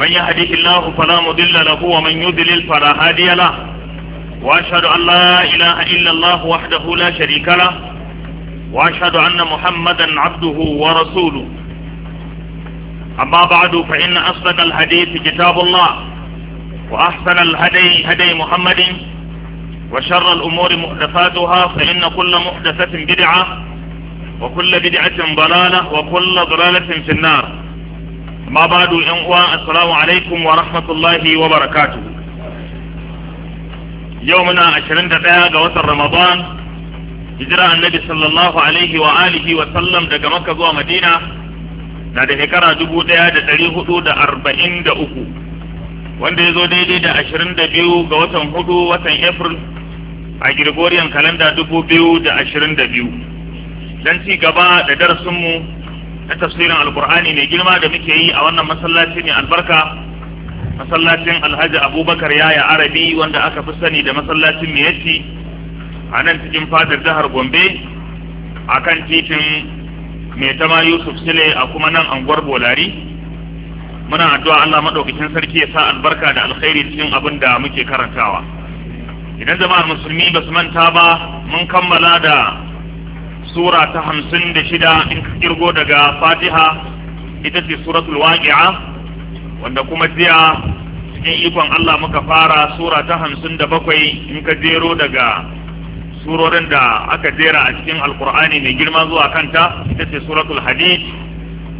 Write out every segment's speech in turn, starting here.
من يهديه الله فلا مضل له ومن يضلل فلا هادي له وأشهد أن لا إله إلا الله وحده لا شريك له وأشهد أن محمدا عبده ورسوله أما بعد فإن أصدق الحديث كتاب الله وأحسن الهدي هدي محمد وشر الأمور محدثاتها فإن كل محدثة بدعة وكل بدعة ضلالة وكل ضلالة في النار amma ba do yan uwa assalamu alaikum wa rahmatullahi wa barakatu yau muna ashirin da ɗaya ga watan ramadan hijira annabi sallallahu alaihi wa wa sallam daga makka zuwa madina na da shekara dubu ɗaya da ɗari hudu da arba'in da uku wanda ya zo daidai da ashirin da biyu ga watan hudu watan april a gregorian kalanda dubu biyu da ashirin da biyu ci gaba da darasinmu na tafsirin alkur'ani mai girma da muke yi a wannan masallaci ne albarka masallacin alhaji abubakar yaya arabi wanda aka fi sani da masallacin miyatti a nan cikin fadar jihar gombe a kan titin mai tama yusuf sile a kuma nan anguwar bolari muna addu'a allah maɗaukacin sarki ya sa albarka da alkhairi cikin abin da muke karantawa idan jama'ar musulmi ba su manta ba mun kammala da sura ta hamsin da shida in ka kirgo daga fatiha ita ce suratul waqi'a wanda kuma jiya cikin ikon Allah muka fara sura ta hamsin da bakwai in ka jero daga surorin da aka jera a cikin alkur'ani mai girma zuwa kanta ita ce suratul hadid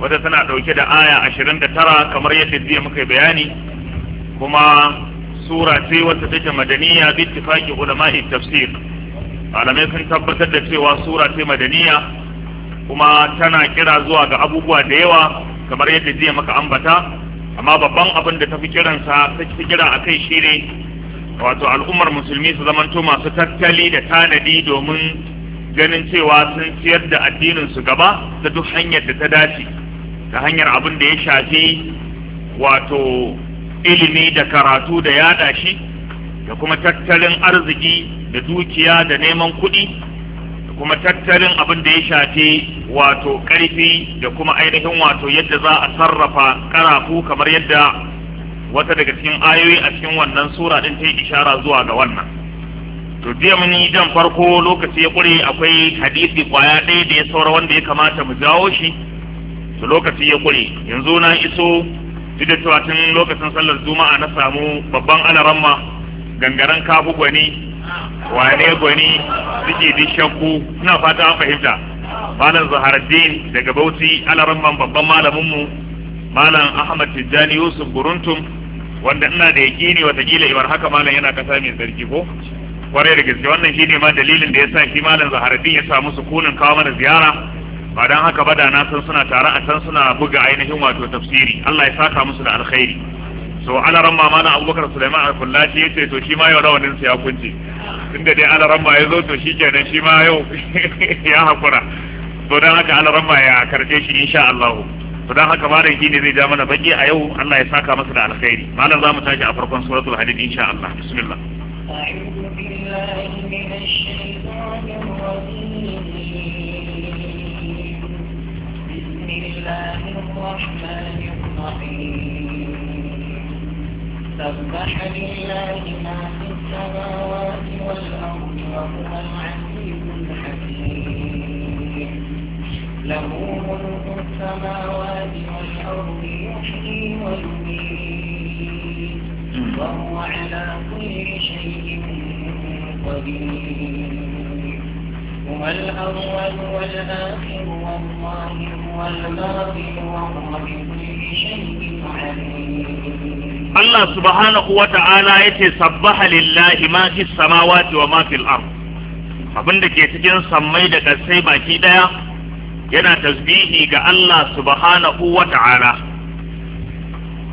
wata tana ɗauke da aya ashirin da tara kamar yadda jiya muka bayani kuma sura ce wacce take madaniya bi ulama'i tafsir malamai sun tabbatar da cewa sura ce madaniya kuma tana kira zuwa ga abubuwa da yawa kamar yadda jiya maka ambata amma babban abin da tafi kiransa ta fi kira a kai shi ne wato al'ummar musulmi su zamanto masu tattali da tanadi domin ganin cewa sun ciyar da addinin su gaba ta duk hanyar da ta dace ta hanyar abin da ya shafi wato ilimi da karatu da yada shi da kuma tattalin arziki da dukiya da neman kuɗi da kuma tattalin abin da ya shafi wato ƙarfi da kuma ainihin wato yadda za a sarrafa ƙarafu kamar yadda wata daga cikin ayoyi a cikin wannan sura ɗin ta yi ishara zuwa ga wannan to jiya yi jan farko lokaci ya ƙure akwai hadisi ƙwaya ɗaya da ya saura wanda ya kamata mu jawo shi to lokaci ya ƙure yanzu na iso duk da cewa tun lokacin sallar juma'a na samu babban alaramma gangaren kafu gwani wane gwani suke di suna ina fata an fahimta malam zaharaddin daga bauchi alaramman babban malaminmu malam ahmad tijjani yusuf guruntum wanda ina da yakini watakila ibar haka malam yana kasa mai sarki ko kwarai da gaske wannan shine ma dalilin da yasa shi malam zaharaddin ya samu sukunin kawo mana ziyara ba dan haka ba da na san suna tare a can suna buga ainihin wato tafsiri Allah ya saka musu da alkhairi to alaran mama na abubakar suleiman alfulla shi ya ce to shi ma yau rawanin sa ya kunce tunda dai alaran ma ya zo to shi kenan shi ma yau ya hakura to dan haka alaran ma ya karɓe shi insha Allah to dan haka malam shi ne zai ja mana baki a yau Allah ya saka masa da alkhairi malam zamu tashi a farkon suratul hadid insha Allah bismillah أعوذ بالله بسم الله الرحمن الرحيم سبح لله ما في السماوات والأرض وهو العزيز الحكيم له ملك السماوات والأرض يحيي ويميت وهو على كل شيء قدير هو الأول والآخر والله هو وهو بكل شيء عليم Allah subhanahu wa ta'ala ya ce sabbaha lillahi ma fi samawati wa ma fil ard da ke cikin samai da kasai baki daya yana tasbihi ga Allah subhanahu wa ta'ala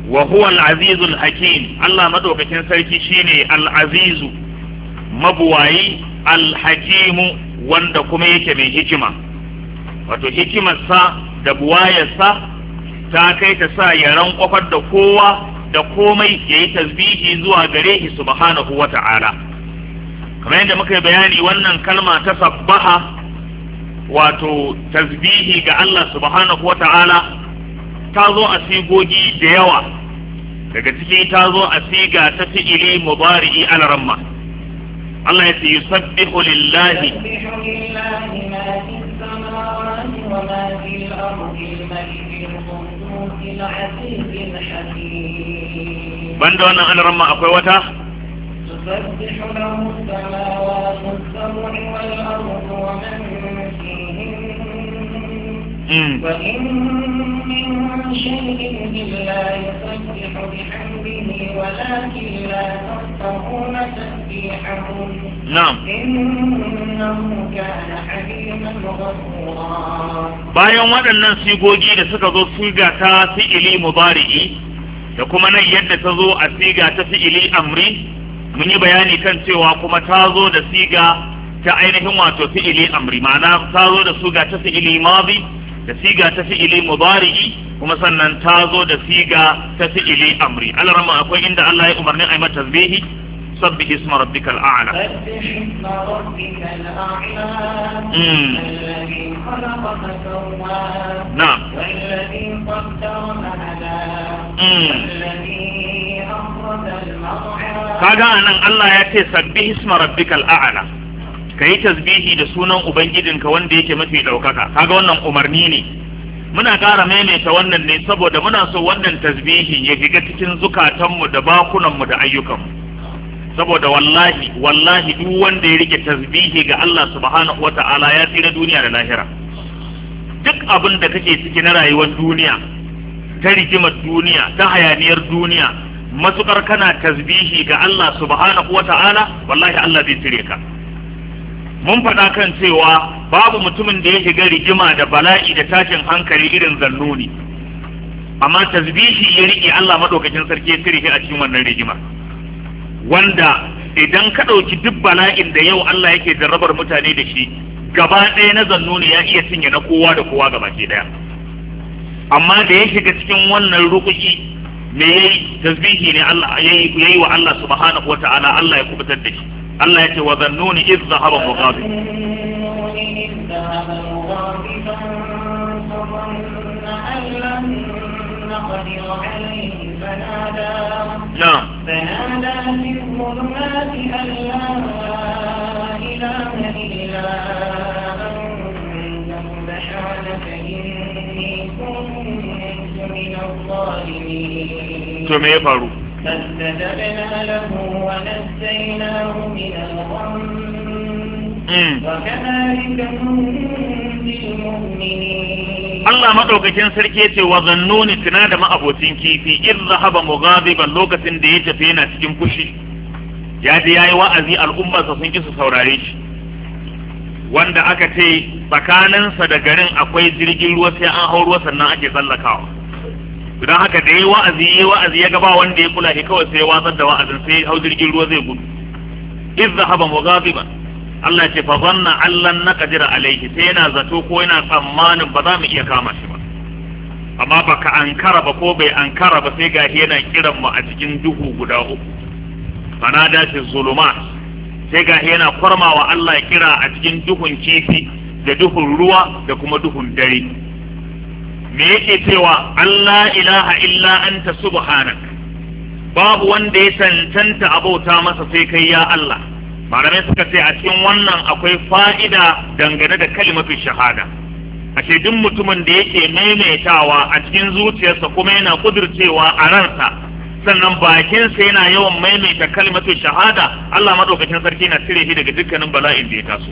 wa huwa al-azizul hakim Allah madaukakin sarki shine al-azizu mabuwayi al-hakimu wanda kuma yake mai hikima wato hikimarsa da buwayarsa ta kai ta sa ya ran da kowa da komai ya yi tasbihi zuwa gare shi subhanahu wata'ala kamar yadda muka yi bayani wannan kalma ta sabbaha wato tasbihi ga Allah subhanahu ta zo a sigogi da yawa daga ciki ta zo a siga ta fi'ili mubari'i al-ramma Allah ya ce yusabbihu lillahi السماوات وما في الأرض الملك القدوس العزيز الحكيم بند وانا انا رمى اقوى وتا تسبح له السماوات السبع والأرض ومن فيهن وإن من شيء إلا يسبح بحمده ولكن نعم bayan waɗannan sigogi da suka zo siga ta fi'ili mubari'i da kuma nan yadda ta zo a siga ta fi'ili amri mun yi bayani kan cewa kuma ta zo da siga ta ainihin wato fi'ili amri ma'ana ta zo da siga ta fi'ili madi da siga ta fi'ili mubari'i kuma sannan ta zo da siga ta fi'ili amri alarama akwai inda Allah ya umarni a yi tasbihi سبح اسم ربك الأعلى سبح اسم ربك الأعلى الذي خلق فسوى نعم والذي قدر فهدى والذي أخرج المرعى كاجا أن الله يأتي سبح اسم ربك الأعلى yi tasbihi da sunan ubangijinka wanda yake mafi ɗaukaka kaga wannan umarni ne muna ƙara maimaita wannan ne saboda muna so wannan tasbihi ya shiga cikin zukatanmu da bakunanmu da ayyukanmu saboda wallahi wallahi duk wanda ya rike tasbihi ga Allah subhanahu wata'ala ya tsira duniya da lahira duk abin da kake ciki na rayuwar duniya ta rigimar duniya ta hayaniyar duniya matukar kana tasbihi ga Allah subhanahu wata'ala wallahi Allah zai tsire ka mun faɗa kan cewa babu mutumin da ya shiga rigima da bala'i da tashin hankali irin zannuni amma tasbihi ya rike Allah madaukakin sarki ya tsire shi a cikin wannan rigimar wanda idan ka ɗauki duk bala'in da yau Allah yake jarrabar mutane da shi gaba ɗaya na zannu ne ya iya cinye na kowa da kowa gaba ke ɗaya amma da ya shiga cikin wannan rukuki me yayi tasbihi ne Allah yayi wa Allah subhanahu wata'ala Allah ya kubutar da shi Allah ya ce wa zannu ne iz zahaba mughadib نعم فنادى في الظلمات أن لا إله إلا أنت سبحانك إني كنت من الظالمين فاستجبنا له ونسيناه من الغم وكذلك ننجي المؤمنين Allah madaukakin sarki yace wa zannuni tuna da ma'abocin kifi in zahaba mughadiban lokacin da ya tafi yana cikin fushi ya ya yayi wa'azi al'umma sa sun ki su saurare shi wanda aka ce tsakaninsa da garin akwai jirgin ruwa sai an hau ruwa sannan ake tsallakawa don haka da yi wa'azi yi wa'azi ya gaba wanda ya kula shi kawai sai ya watsar da wa'azin sai hau jirgin ruwa zai gudu in zahaba mughaziban Allah ce fa zanna allan na kadira alaihi sai yana zato ko yana tsammanin ba za mu iya kama shi ba amma baka ankara ba ko bai ankara ba sai gashi yana kiran mu a cikin duhu guda uku da shi zuluma sai gashi yana kwarmawa Allah kira a cikin duhun kifi da duhun ruwa da kuma duhun dare me yake cewa Allah ilaha illa anta subhanak babu wanda ya tantanta abauta masa sai kai ya Allah malamai suka ce a cikin wannan akwai fa'ida dangane da kalimatu shahada a duk mutumin da yake maimaitawa a cikin zuciyarsa kuma yana kudircewa a ransa sannan bakinsa yana yawan maimaita kalimatu shahada Allah maɗaukacin sarki na cire shi daga dukkanin bala'in da ya taso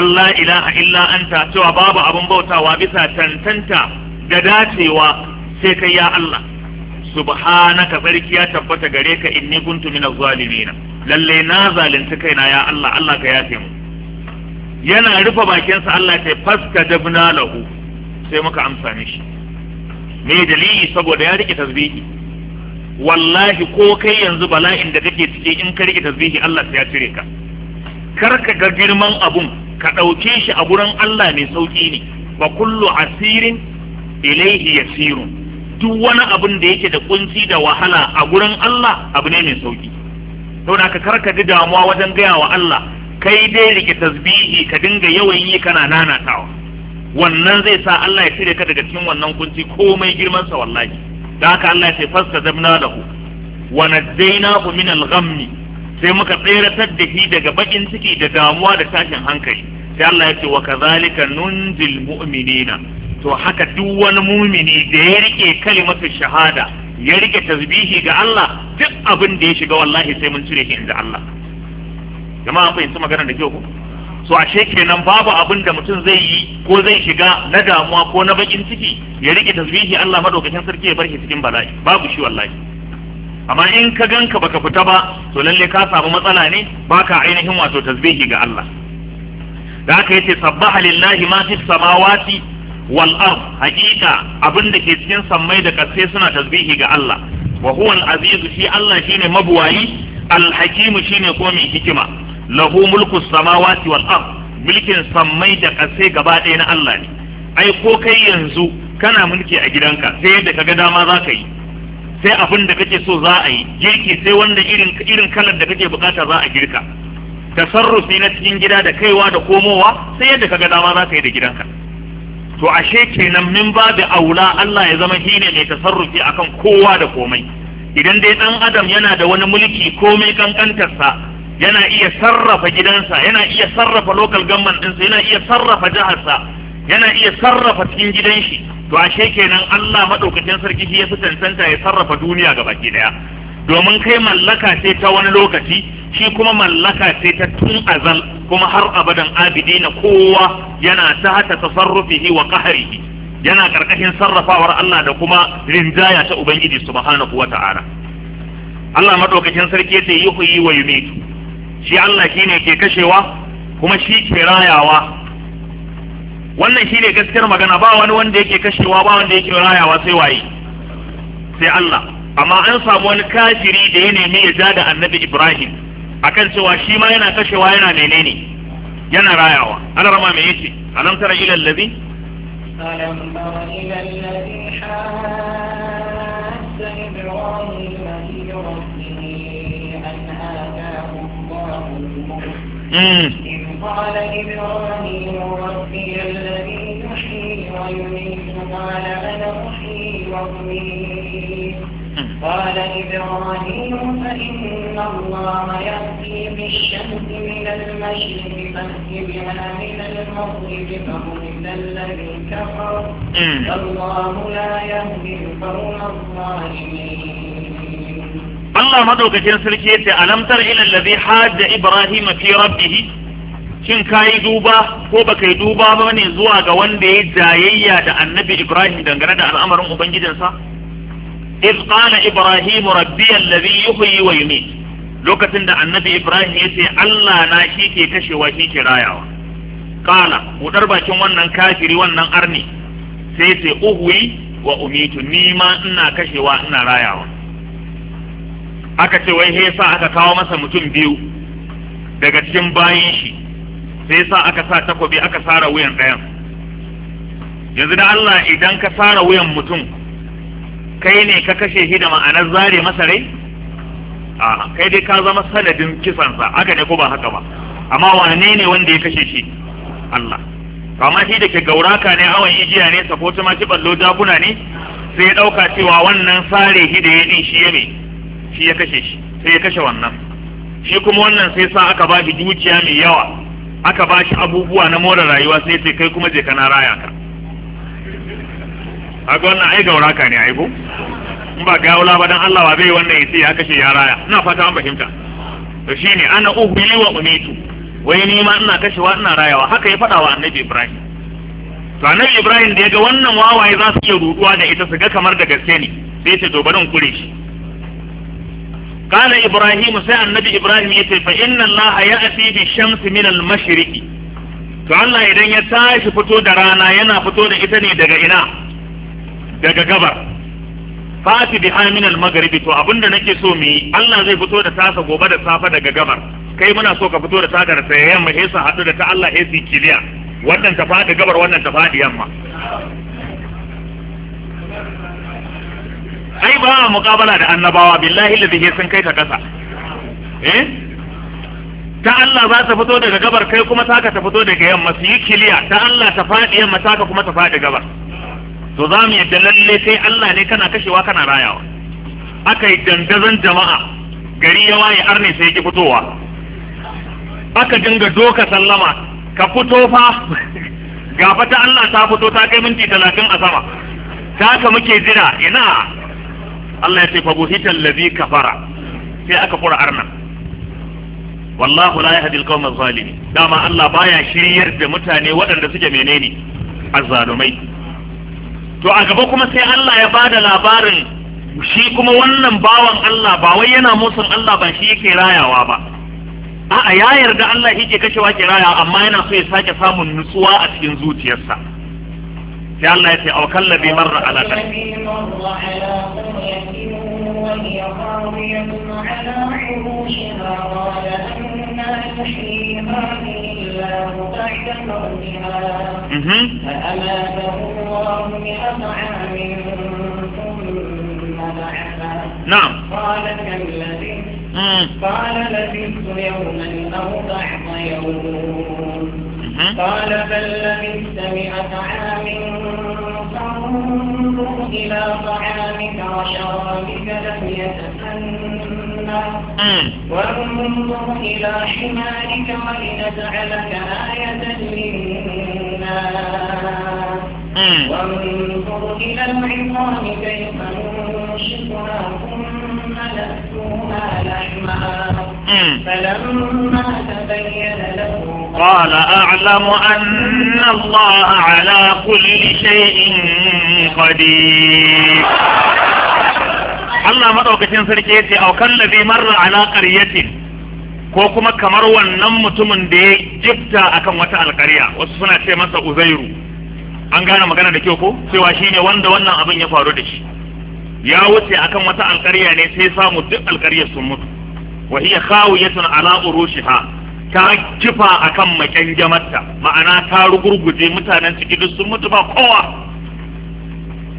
Allah ilaha illa anta cewa babu abin bautawa bisa tantanta da dacewa sai kai ya Allah subhanaka sarki ya tabbata gare ka inni kuntu minaz zalimina lalle na zalunci kaina ya Allah Allah ka yafe mu yana rufe bakinsa Allah ce faska dabna lahu sai muka amsa mishi me dalili saboda ya rike tasbihi wallahi ko kai yanzu bala'in da kake ciki in ka rike tasbihi Allah ya cire ka kar ka ga girman abun ka ɗauke shi a gurin Allah mai sauƙi ne wa kullu asirin ilaihi yasirun duk wani abun da yake da kunci da wahala a gurin Allah abu ne mai sauƙi to na ka karka ji damuwa wajen gaya wa Allah kai dai rike tasbihi ka dinga yawan yi kana nanatawa wannan zai sa Allah ya cire ka daga cikin wannan kunci komai girman sa wallahi da haka Allah ya ce ku? lahu wa najjaynahu min al-ghammi sai muka tseratar da shi daga bakin ciki da damuwa da tashin hankali sai Allah ya ce wa kadhalika nunjil mu'minina to haka duk wani mumini da ya rike kalimatu shahada ya rike tasbihi ga Allah duk abin da ya shiga wallahi sai mun cire shi inda Allah jama'a an fahimci magana da kyau so ashe kenan babu abin da mutum zai yi ko zai shiga na damuwa ko na bakin ciki ya rike tasbihi Allah madaukakin sarki ya bar shi cikin bala'i babu shi wallahi amma in ka ganka baka fita ba to lalle ka samu matsala ne baka ainihin wato tasbihi ga Allah da aka yace sabbaha lillahi ma fis samawati wal ard haqiqa abin da ke cikin sammai da kasai suna tasbihi ga Allah wa huwa al aziz shi Allah shine mabuwayi al hakim shine ko mai hikima lahu mulku samawati wal ard mulkin sammai da kasai gaba ɗaya na Allah ne ai ko kai yanzu kana mulki a gidanka sai yadda kaga dama za ka yi sai abin da kake so za a yi girki sai wanda irin irin kalar da kake bukata za a girka tasarrufi na cikin gida da kaiwa da komowa sai yadda kaga dama za ka yi da gidanka to ashe kenan min babu aula Allah ya zama shine mai tasarrufi akan kowa da komai idan dai dan adam yana da wani mulki komai kankantarsa yana iya sarrafa gidansa yana iya sarrafa local government ɗinsa yana iya sarrafa jiharsa yana iya sarrafa cikin gidan shi to ashe kenan Allah madaukakin sarki shi ya fi tantanta ya sarrafa duniya gaba baki daya domin kai mallaka ce ta wani lokaci shi kuma mallaka sai ta tun azal kuma har abadan na kowa yana ta tahta tasarrufihi wa qahrihi yana karkashin sarrafawar Allah da kuma rinjaya ta ubangiji subhanahu wata'ala Allah madaukakin sarki yace yuhyi wa yumitu shi Allah shine ke kashewa kuma shi ke rayawa wannan shine gaskiyar magana ba wani wanda yake kashewa ba wanda yake rayawa sai waye sai Allah amma an samu wani kafiri da ya nemi ya ja da annabi Ibrahim akan cewa shi ma yana kashewa yana menene yana rayawa an rama me yace alam tara ila allazi alam tara ila allazi hadda ibrahim fi rabbihi an ataahu allah إذ قال إبراهيم ربي الذي يحيي ويميت قال أنا أحيي وأميت قال إبراهيم فإن الله يأتي بالشمس من المشرق فأتي بها من المغرب فبهت الذي كفر والله لا يهدي القوم الظالمين الله مدوكتين سلكيتي ألم تر إلى الذي حاد إبراهيم في ربه shin ka yi duba ko baka yi duba ba ne zuwa ga wanda ya jayayya da annabi ibrahim dangane da al'amarin ubangijinsa iz ibrahim rabbi yuhyi wa lokacin da annabi ibrahim yace Allah na shi ke kashewa shi ke rayawa qala mudar bakin wannan kafiri wannan arni sai yace uhwi wa umitu ni ma ina kashewa ina rayawa aka ce wai he sa aka kawo masa mutum biyu daga cikin bayin shi sai sa aka sa takobi aka sara wuyan ɗayan yanzu da Allah idan ka sara wuyan mutum kai ne ka kashe shi da ma'anar zare masa rai a kai dai ka zama sanadin kisansa haka ne ko ba haka ba amma wane ne wanda ya kashe shi Allah amma shi da ke gauraka ne awon ijiya ne ta ma ballo jakuna ne sai ya ɗauka cewa wannan sare shi da ya ɗin shi ya me shi ya kashe shi sai ya kashe wannan shi kuma wannan sai sa aka ba shi dukiya mai yawa aka ba shi abubuwa na more rayuwa sai sai kai kuma je kana raya ka aga wannan ai gaura ka ne ai ko in ba gawula ba dan Allah ba bai wannan yace ya kashe ya raya ina fata an fahimta to shine ana uhuli wa umitu wai ni ma ina kashewa ina rayawa haka ya fada wa annabi Ibrahim to annabi Ibrahim da ya ga wannan wawaye za su iya ruduwa da ita su ga kamar da gaske ne sai ce to barin kure shi قال إبراهيم سأل النبي إبراهيم يتي فإن الله يأتي بالشمس من المشرق فالله إذن يتاش فتو درانا ينا فتو daga دقائنا daga gabar fati bi amin al-maghribi to abinda nake so mu yi Allah zai fito da tasa gobe da safa daga gabar kai muna so ka fito da taka da sai yamma sai sa hadu da ta Allah sai kiliya wannan ta fadi gabar wannan ta fadi yamma ai ba muqabala da annabawa billahi ladhi sun kai ta kasa eh? ta Allah za ta fito daga gabar kai kuma taka ta fito daga yamma su yi kiliya ta Allah ta fadi yamma taka kuma ta fadi gabar to za mu yadda lalle sai Allah ne kana kashewa kana rayawa aka yi dandazon jama'a gari ya waye arne sai ki fitowa aka dinga doka sallama ka fito fa ga ta Allah ta fito ta kai minti talatin a sama ta ka muke jira ina Allah ya ce fa buhitan ladhi kafara sai aka fura arna wallahu la yahdi al adh-dhalimin dama Allah baya shiryar da mutane waɗanda suke menene azzalumai to a gaba kuma sai Allah ya bada labarin shi kuma wannan bawan Allah ba wai yana musun Allah ba shi yake rayawa ba a'a ya yarda Allah yake kashewa ke raya amma yana so ya sake samun nutsuwa a cikin zuciyarsa sai Allah ya ce aw kallabi marra ala kan لا الله مئة ثم نعم قال كم لبثت قال لبثت يوما أو بعض يوم قال بل لبثت مئة عام فانظر إلى طعامك وشرابك لم يتسنى وانظر إلى حمارك ولنجعلك آية للناس وانظر إلى العظام كيف ننشطها ثم قال أعلم أن الله على كل شيء قدير Allah maɗaukacin sarki ya ce aukan labi marra ala ƙaryatin ko kuma kamar wannan mutumin da ya jifta akan wata alƙarya wasu suna ce masa uzairu an gane magana da kyau ko cewa shine wanda wannan abin ya faru da shi ya wuce akan wata alƙarya ne sai samu duk alƙaryar sun mutu wa hiya khawiyatun ala urushiha ta kifa akan makyanjamarta ma'ana ta rugurguje mutanen ciki duk sun mutu ba kowa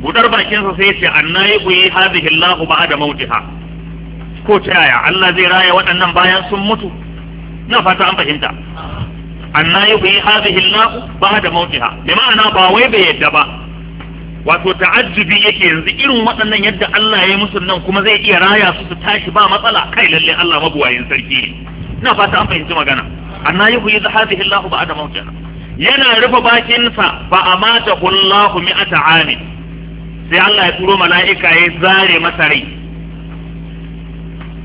budar bakinsa sai ce anna yi buyi hadhihi Allahu ba'da mautiha ko ta yaya Allah zai raya waɗannan bayan sun mutu na fata an fahimta anna yi buyi hadhihi Allahu ba'da mautiha bi ma'ana ba wai bai yadda ba wato ta'ajjubi yake yanzu irin waɗannan yadda Allah ya musu nan kuma zai iya raya su su tashi ba matsala kai lalle Allah mabuwayin sarki ina fata an fahimci magana anna yuhu yadhahihi Allah ba'da mawtana yana rufe bakin sa fa amata Allahu mi'ata amin sai Allah ya turo mala'ika ya zare masa rai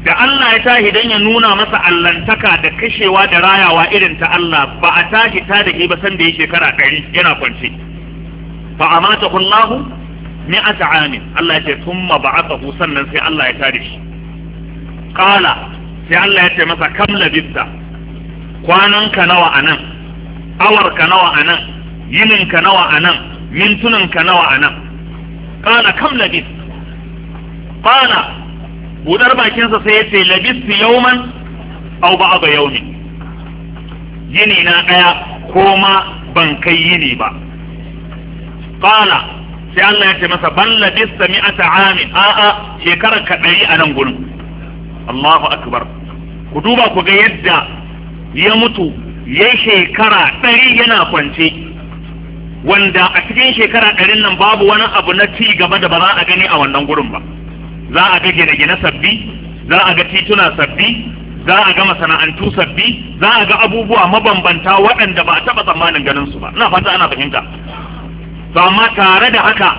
da Allah ya tashi dan ya nuna masa allantaka da kashewa da rayawa irin ta Allah ba a tashi ta da ba san da ya shekara 100 yana kwance fa amatahu Allah mi'ata amin Allah ya ce thumma ba'athahu sannan sai Allah ya tare shi qala sai Allah ya ce masa kam labista kwanan nawa anan awar nawa anan yinin nawa anan mintunan ka nawa anan qala kam labis qala budar bakinsa sai ya ce labistu yauman yini na ɗaya, ko ma ban kai yini ba qala sai Allah ya ce masa ban labista mi'ata amin a a shekarar ka ɗari a nan gurin Allahu akbar ku duba ku ga yadda ya mutu ya shekara ɗari yana kwance wanda a cikin shekara ɗarin nan babu wani abu na ci gaba da ba za a gani a wannan gurin ba za a ga gine-gine sabbi za a ga tituna sabbi za a ga masana'antu sabbi za a ga abubuwa mabambanta waɗanda ba a taɓa tsammanin ganin su ba ina fata ana fahimta ba amma tare da haka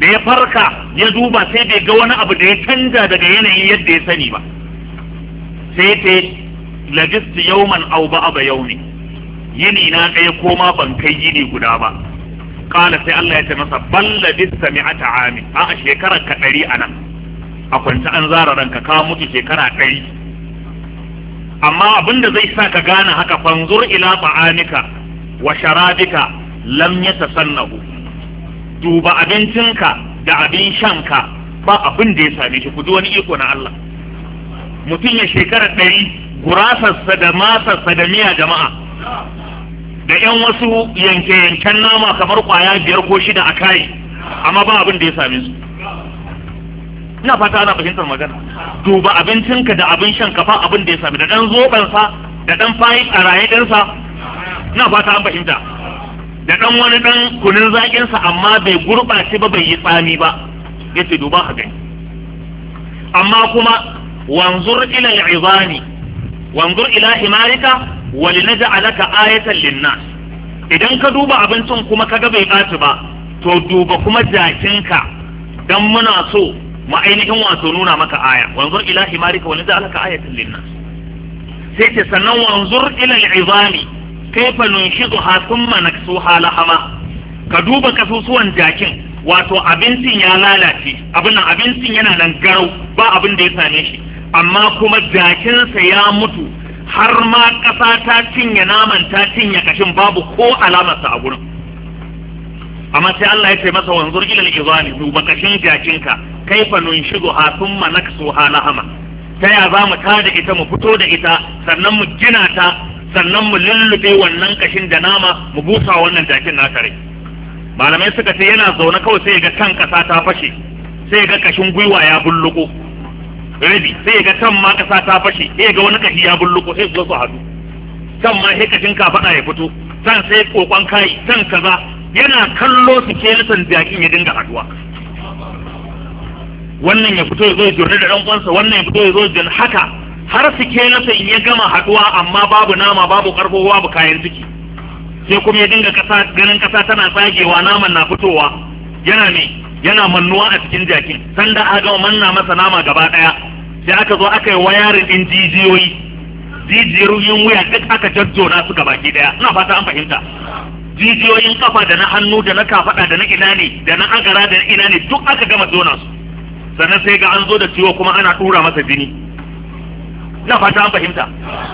da ya farka ya duba sai bai ga wani abu da ya canja daga yanayin yadda ya sani ba sai ta yau yauman au ba aba ne, yini na ɗaya ko ma ban kai yini guda ba kala sai Allah ya ce masa bal labista mi'ata ami a shekarar ka ɗari a nan a kwance an zara ranka ka mutu shekara ɗari amma abin da zai sa ka gane haka fanzur ila ba'anika wa sharabika lam yatasannahu duba abincinka da abin shanka ba abin da ya same shi ku ji wani iko na Allah mutum ya shekara ɗari gurasarsa da masarsa da miya jama'a da ƴan wasu yanke-yanken nama kamar ƙwaya biyar ko shida a kai amma ba abin da ya same su ina fata ana fahimtar magana duba abincinka da abin shanka ba abin da ya same da ɗan zobensa da ɗan fayin a raye ɗinsa ina fata an fahimta da dan wani dan kunin zakin sa amma bai gurbace ba bai yi tsami ba yace duba ka gani amma kuma wanzur ila al'izani wanzur ila himarika walinaj'alaka ayatan linnas idan ka duba abincin kuma kaga bai baci ba to duba kuma jakinka dan muna so mu ainihin wato nuna maka aya wanzur ila himarika walinaj'alaka ayatan linnas sai ce sannan wanzur ila ne. kaifa nunshizuha thumma hala lahama ka duba kasusuwan jakin wato abincin ya lalace abin nan abincin yana nan garau ba abin da ya same shi amma kuma jakinsa ya mutu har ma ƙasa ta cinye naman ta cinye kashin babu ko alamarsa a gurin amma sai Allah ya ce masa wanzur ila al-izami duba kashin jakinka kaifa nunshizuha thumma hala lahama ta ya za mu da ita mu fito da ita sannan mu gina ta sannan mu lullube wannan kashin da nama mu busa wannan jakin na kare malamai suka ce yana zaune kawai sai ga kan kasa ta fashe sai ga kashin gwiwa ya bulluko rabi sai ga kan ma kasa ta fashe sai ga wani kashi ya bulluko sai zo su hadu kan ma sai kashin ka fada ya fito san sai kokon kai san kaza yana kallo su ke nisan jakin ya dinga haduwa wannan ya fito ya zo ya jirni da ɗan uwansa wannan ya fito ya zo ya haka har sike na sai ya gama haduwa amma babu nama babu karfo babu kayan ciki sai kuma ya dinga kasa ganin kasa tana tsagewa naman na fitowa yana ne yana mannuwa a cikin jakin sanda aka gama manna masa nama gaba daya sai aka zo aka yi wayarin din jijiyoyi jijiyoyin wuya duk aka jajjona su gaba ki daya ina fata an fahimta jijiyoyin kafa da na hannu da na kafada da na ina ne da na agara da na ina ne duk aka gama jona su sannan sai ga an zo da ciwo kuma ana tura masa jini na fata fahimta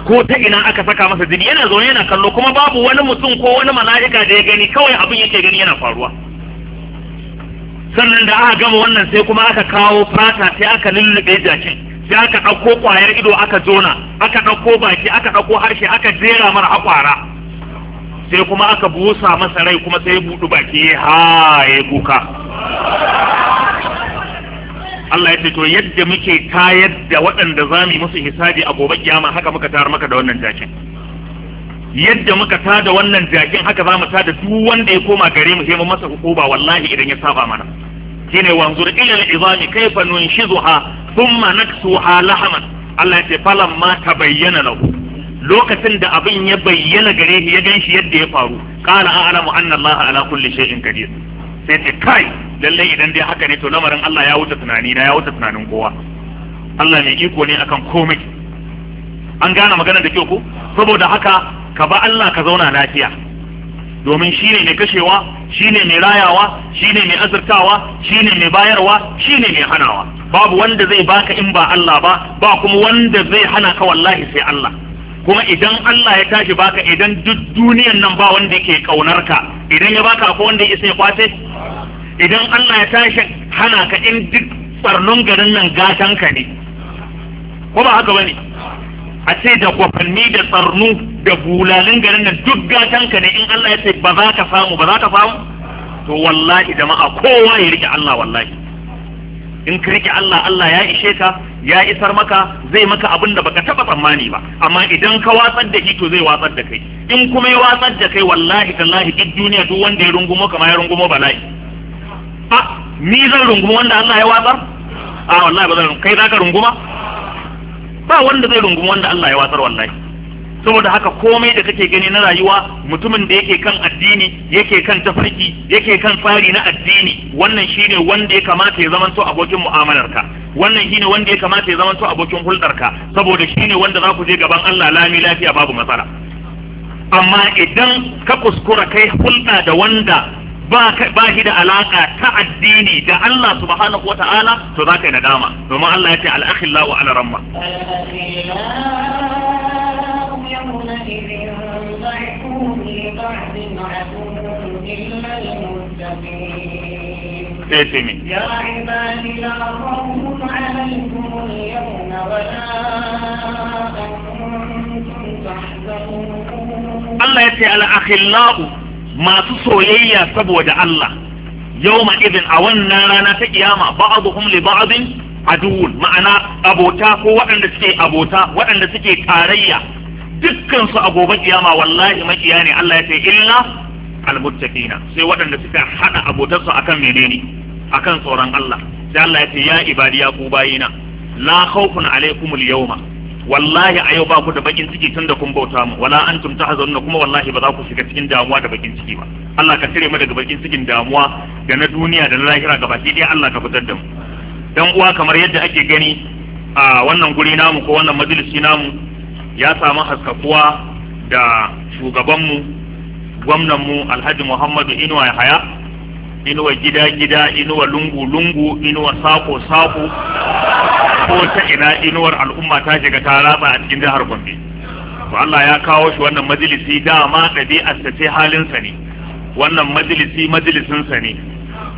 ko ta ina aka saka masa jini yana zaune yana kallo kuma babu wani mutum ko wani mala'ika da ya gani kawai abin yake gani yana faruwa sannan da aka gama wannan sai kuma aka kawo fata sai aka lullube jakin sai aka ɗauko ƙwayar ido aka zona aka ɗauko baki aka ɗauko harshe aka jera mara akwara sai kuma aka busa masa rai kuma sai ya buɗu baki ha ya kuka Allah ya ce to yadda muke tayar da waɗanda za mu musu hisabi a gobe kiyama haka muka tayar maka da wannan jakin yadda muka ta da wannan jakin haka za mu da duk wanda ya koma gare mu sai mu masa hukuba wallahi idan ya saba mana shine wanzur ila al izam kayfa nunshizuha thumma naksuha lahaman Allah ya ce falam ma tabayyana lahu lokacin da abin ya bayyana gare shi ya ganshi yadda ya faru qala a'lamu anna Allah ala kulli shay'in qadir sai ce kai lallai idan dai haka ne to lamarin Allah ya wuce tunani na ya wuce tunanin kowa Allah mai iko ne akan komai an gane magana da kyau ko saboda haka ka ba Allah ka zauna lafiya domin shi ne mai kashewa shi ne mai rayawa shi ne mai azurtawa shi ne mai bayarwa shi ne mai hanawa babu wanda zai baka in ba Allah ba ba kuma wanda zai hana ka wallahi sai Allah kuma idan Allah ya tashi baka idan duk duniyan nan ba wanda yake kaunar ka idan ya baka akwai wanda ya isa ya kwace idan Allah ya tashi hana ka in duk barnon garin nan gatan ka ne ko ba haka bane a ce da kwafanni da tsarnu da bulalin garin nan duk gatan ka ne in Allah ya ce ba za ka samu ba za ka samu to wallahi da jama'a kowa ya rike Allah wallahi in ka riƙe Allah Allah ya ishe ka ya isar maka zai maka abin da baka taba tsammani ba amma idan ka watsar da shi to zai watsar da kai in kuma ya watsar da kai wallahi tallahi duk duniya duk wanda ya rungumo kamar ya rungumo bala'i a ni zan rungumo wanda Allah ya watsar a wallahi ba zan kai zaka runguma ba wanda zai rungumo wanda Allah ya watsar wallahi saboda haka komai da kake gani na rayuwa mutumin da yake kan addini yake kan tafarki yake kan tsari na addini wannan shine wanda ya kamata ya zamanto abokin mu'amalarka wannan shine wanda ya kamata ya zamanto abokin hulɗarka saboda shine wanda za ku je gaban Allah lami lafiya babu matsala amma idan ka kuskura kai hulɗa da wanda ba shi da alaka ta addini da Allah subhanahu wa ta'ala to za ka yi nadama domin Allah ya ce al'akhillahu ala ramma يومئذ ضعفهم لبعض عدو إلا المتقين يا عبادي لا خوف عليكم اليوم ولا أنتم تحزنون الله أخي الله ما تسويا سبود الله يوم إذن أولنا رانا تقياما بعضهم لبعض عدول معنا أبوتا هو أن suke أبوتا وأن suke تاريا Dukkansu a gobe kiyama wallahi makiya ne Allah ya ce illa almuttaqina sai waɗanda suka hada abotarsu akan menene akan tsoron Allah sai Allah ya ce ya ibadi ya ku bayina la khawfun alaykumul yawma wallahi a yau ba ku da bakin ciki tun da kun bauta mu wala antum tahzanuna kuma wallahi ba za ku shiga cikin damuwa da bakin ciki ba Allah ka cire mu daga bakin cikin damuwa da na duniya da na lahira gabaki ɗaya Allah ka fitar da mu dan uwa kamar yadda ake gani a wannan guri namu ko wannan majalisi namu ya samu haskakuwa da shugabanmu gwamnanmu alhaji muhammadu inuwa haya inuwa gida-gida inuwa lungu-lungu inuwa sako-sako ko ta ina inuwar al'umma ta shiga ta raba a cikin jihar gombe to Allah ya kawo shi wannan majalisi dama ta ce halinsa ne wannan majalisi majalisinsa ne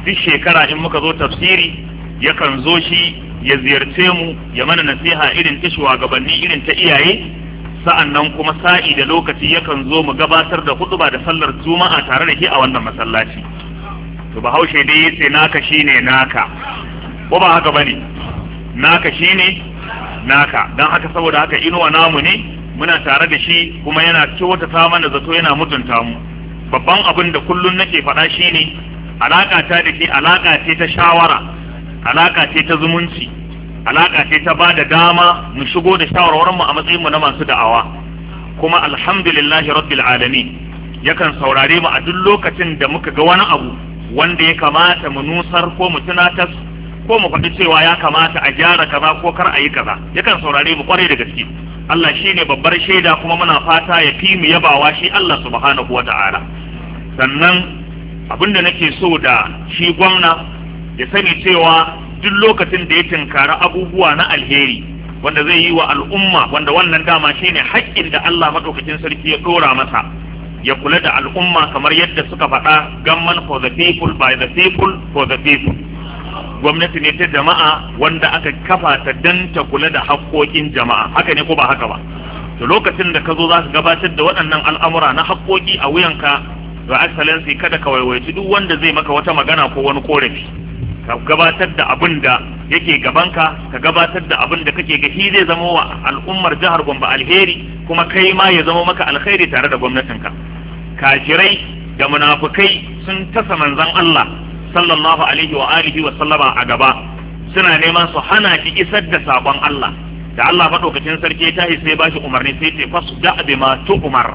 duk shekara in muka zo tafsiri yakan zo shi ya ziyarce mu ya mana nasiha irin ta shugabanni irin ta iyaye sa'an nan kuma sa'i da lokaci yakan zo mu gabatar da ba da sallar juma'a tare da ke a wannan masallaci to bahaushe dai ya ce naka shi ne naka ko ba haka bane naka shi ne naka don haka saboda haka inuwa namu ne muna tare da shi kuma yana kyautata mana zato yana mutunta mu babban abin da kullun nake faɗa shi ne alaƙa ta da shi alaƙa ce ta shawara alaƙa ce ta zumunci alaka ce ta ba da dama mu shigo da shawarwarinmu a matsayinmu na masu da'awa kuma alhamdulillahi rabbil alamin yakan saurare mu a duk lokacin da muka ga wani abu wanda ya kamata mu nusar ko mu tunatar ko mu faɗi cewa ya kamata a gyara kaza ko kar a yi kaza yakan saurare mu kwarai da gaske Allah shine babbar shaida kuma muna fata ya fi mu yabawa shi Allah subhanahu wata'ala sannan abinda nake so da shi gwamna ya sani cewa duk lokacin da ya tinkara abubuwa na alheri wanda zai yi wa al'umma wanda wannan dama ne haƙƙin da Allah madaukakin sarki ya ɗora masa ya kula da al'umma kamar yadda suka faɗa gamman for the people by the people for the people gwamnati ne ta jama'a wanda aka kafa ta dan ta kula da haƙƙoƙin jama'a haka ne ko ba haka ba to lokacin da ka zo za ka gabatar da waɗannan al'amura na haƙƙoƙi a wuyanka ga excellency kada ka waiwaci duk wanda zai maka wata magana ko wani korafi ka gabatar da abin da yake gabanka ka gabatar da abin da kake ga shi zai zama wa al'ummar jihar Gombe alheri kuma kai ma ya zama maka alheri tare da gwamnatinka kafirai da munafukai sun tasa manzon Allah sallallahu alaihi wa alihi wa sallama a gaba suna neman su hana ki isar da sabon Allah da Allah madaukakin sarki ta yi sai bashi umarni sai ce fasu da bima tu umar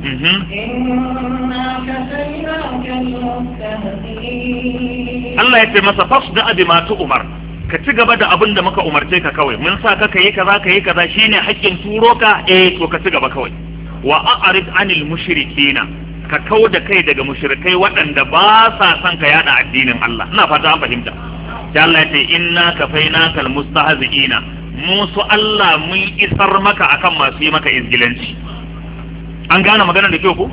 mhm. Allah ya ce masa fasu da bima tu umar ka ci gaba da abin da muka umarce ka kawai mun sa ka yi kaza ka yi kaza shine haƙƙin turo ka eh to ka ci gaba kawai wa a'rid anil mushrikina ka kau da kai daga mushrikai waɗanda ba sa son ka yada addinin Allah ina fata an fahimta sai Allah ya ce inna kafainaka almustahzi'ina mu su Allah mun isar maka akan masu yi maka izgilanci an gane magana da kyau ko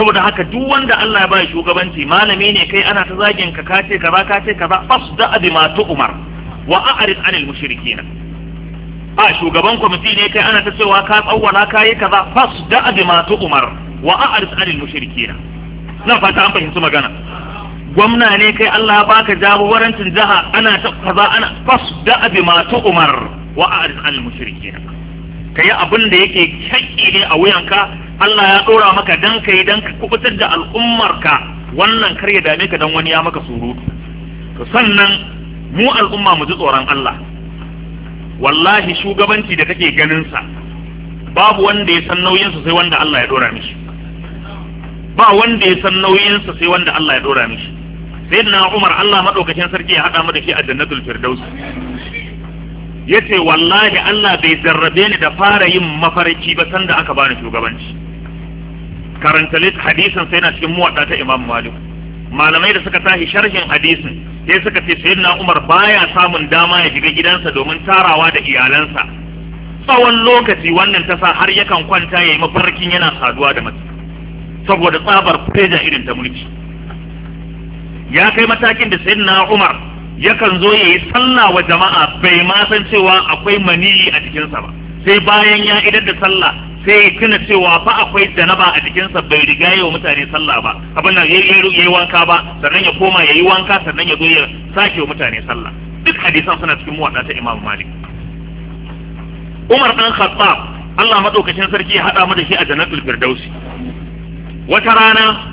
saboda haka duk wanda Allah ya ba shugabanci malami ne kai ana ta zagin ka kace kaza kace kaza fasda bima Umar wa a'rid 'anil mushrikeena a shugaban kwamiti ne kai ana ta cewa ka tsawwala kayi kaza fasda bima Umar. wa a'rid anil mushrikeena na fata an fahimci magana gwamna ne kai Allah baka jagorancin jaha ana ta kaza ana fasda bi ma tu'mar wa a'rid anil mushrikeena kai abin da yake kyakki ne a wuyanka Allah ya dora maka dan kai dan ka kubutar da al'ummarka wannan kar ya dame ka dan wani ya maka surutu to sannan mu al'umma mu ji tsoron Allah wallahi shugabanci da kake ganin sa babu wanda ya san nauyin sai wanda Allah ya dora mishi ba wanda ya san nauyinsa sai wanda Allah ya dora mishi sai na Umar Allah madaukakin sarki ya hada mu da shi a jannatul firdaus yace wallahi Allah bai jarrabe ni da fara yin mafarki ba sanda aka bani shugabanci karanta lit hadisin sai na cikin muwadda ta Imam Malik malamai da suka tashi sharhin hadisin sai suka ce na Umar baya samun dama ya shiga gidansa domin tarawa da iyalansa tsawon lokaci wannan ta sa har yakan kwanta yayi mafarkin yana saduwa da mace saboda tsabar feja irin ta mulki ya kai matakin da na Umar yakan zo yayi sallah wa jama'a bai ma san cewa akwai maniyi a jikinsa ba sai bayan ya idar da sallah sai ya tuna cewa fa akwai janaba a jikinsa bai riga yi wa mutane sallah ba abin da yayi wanka ba sannan ya koma yayi wanka sannan ya zo ya sake wa mutane sallah duk hadisan suna cikin muwadda ta Imam Malik Umar dan Khattab Allah madaukakin sarki ya hada mu da shi a jannatul firdausi wata rana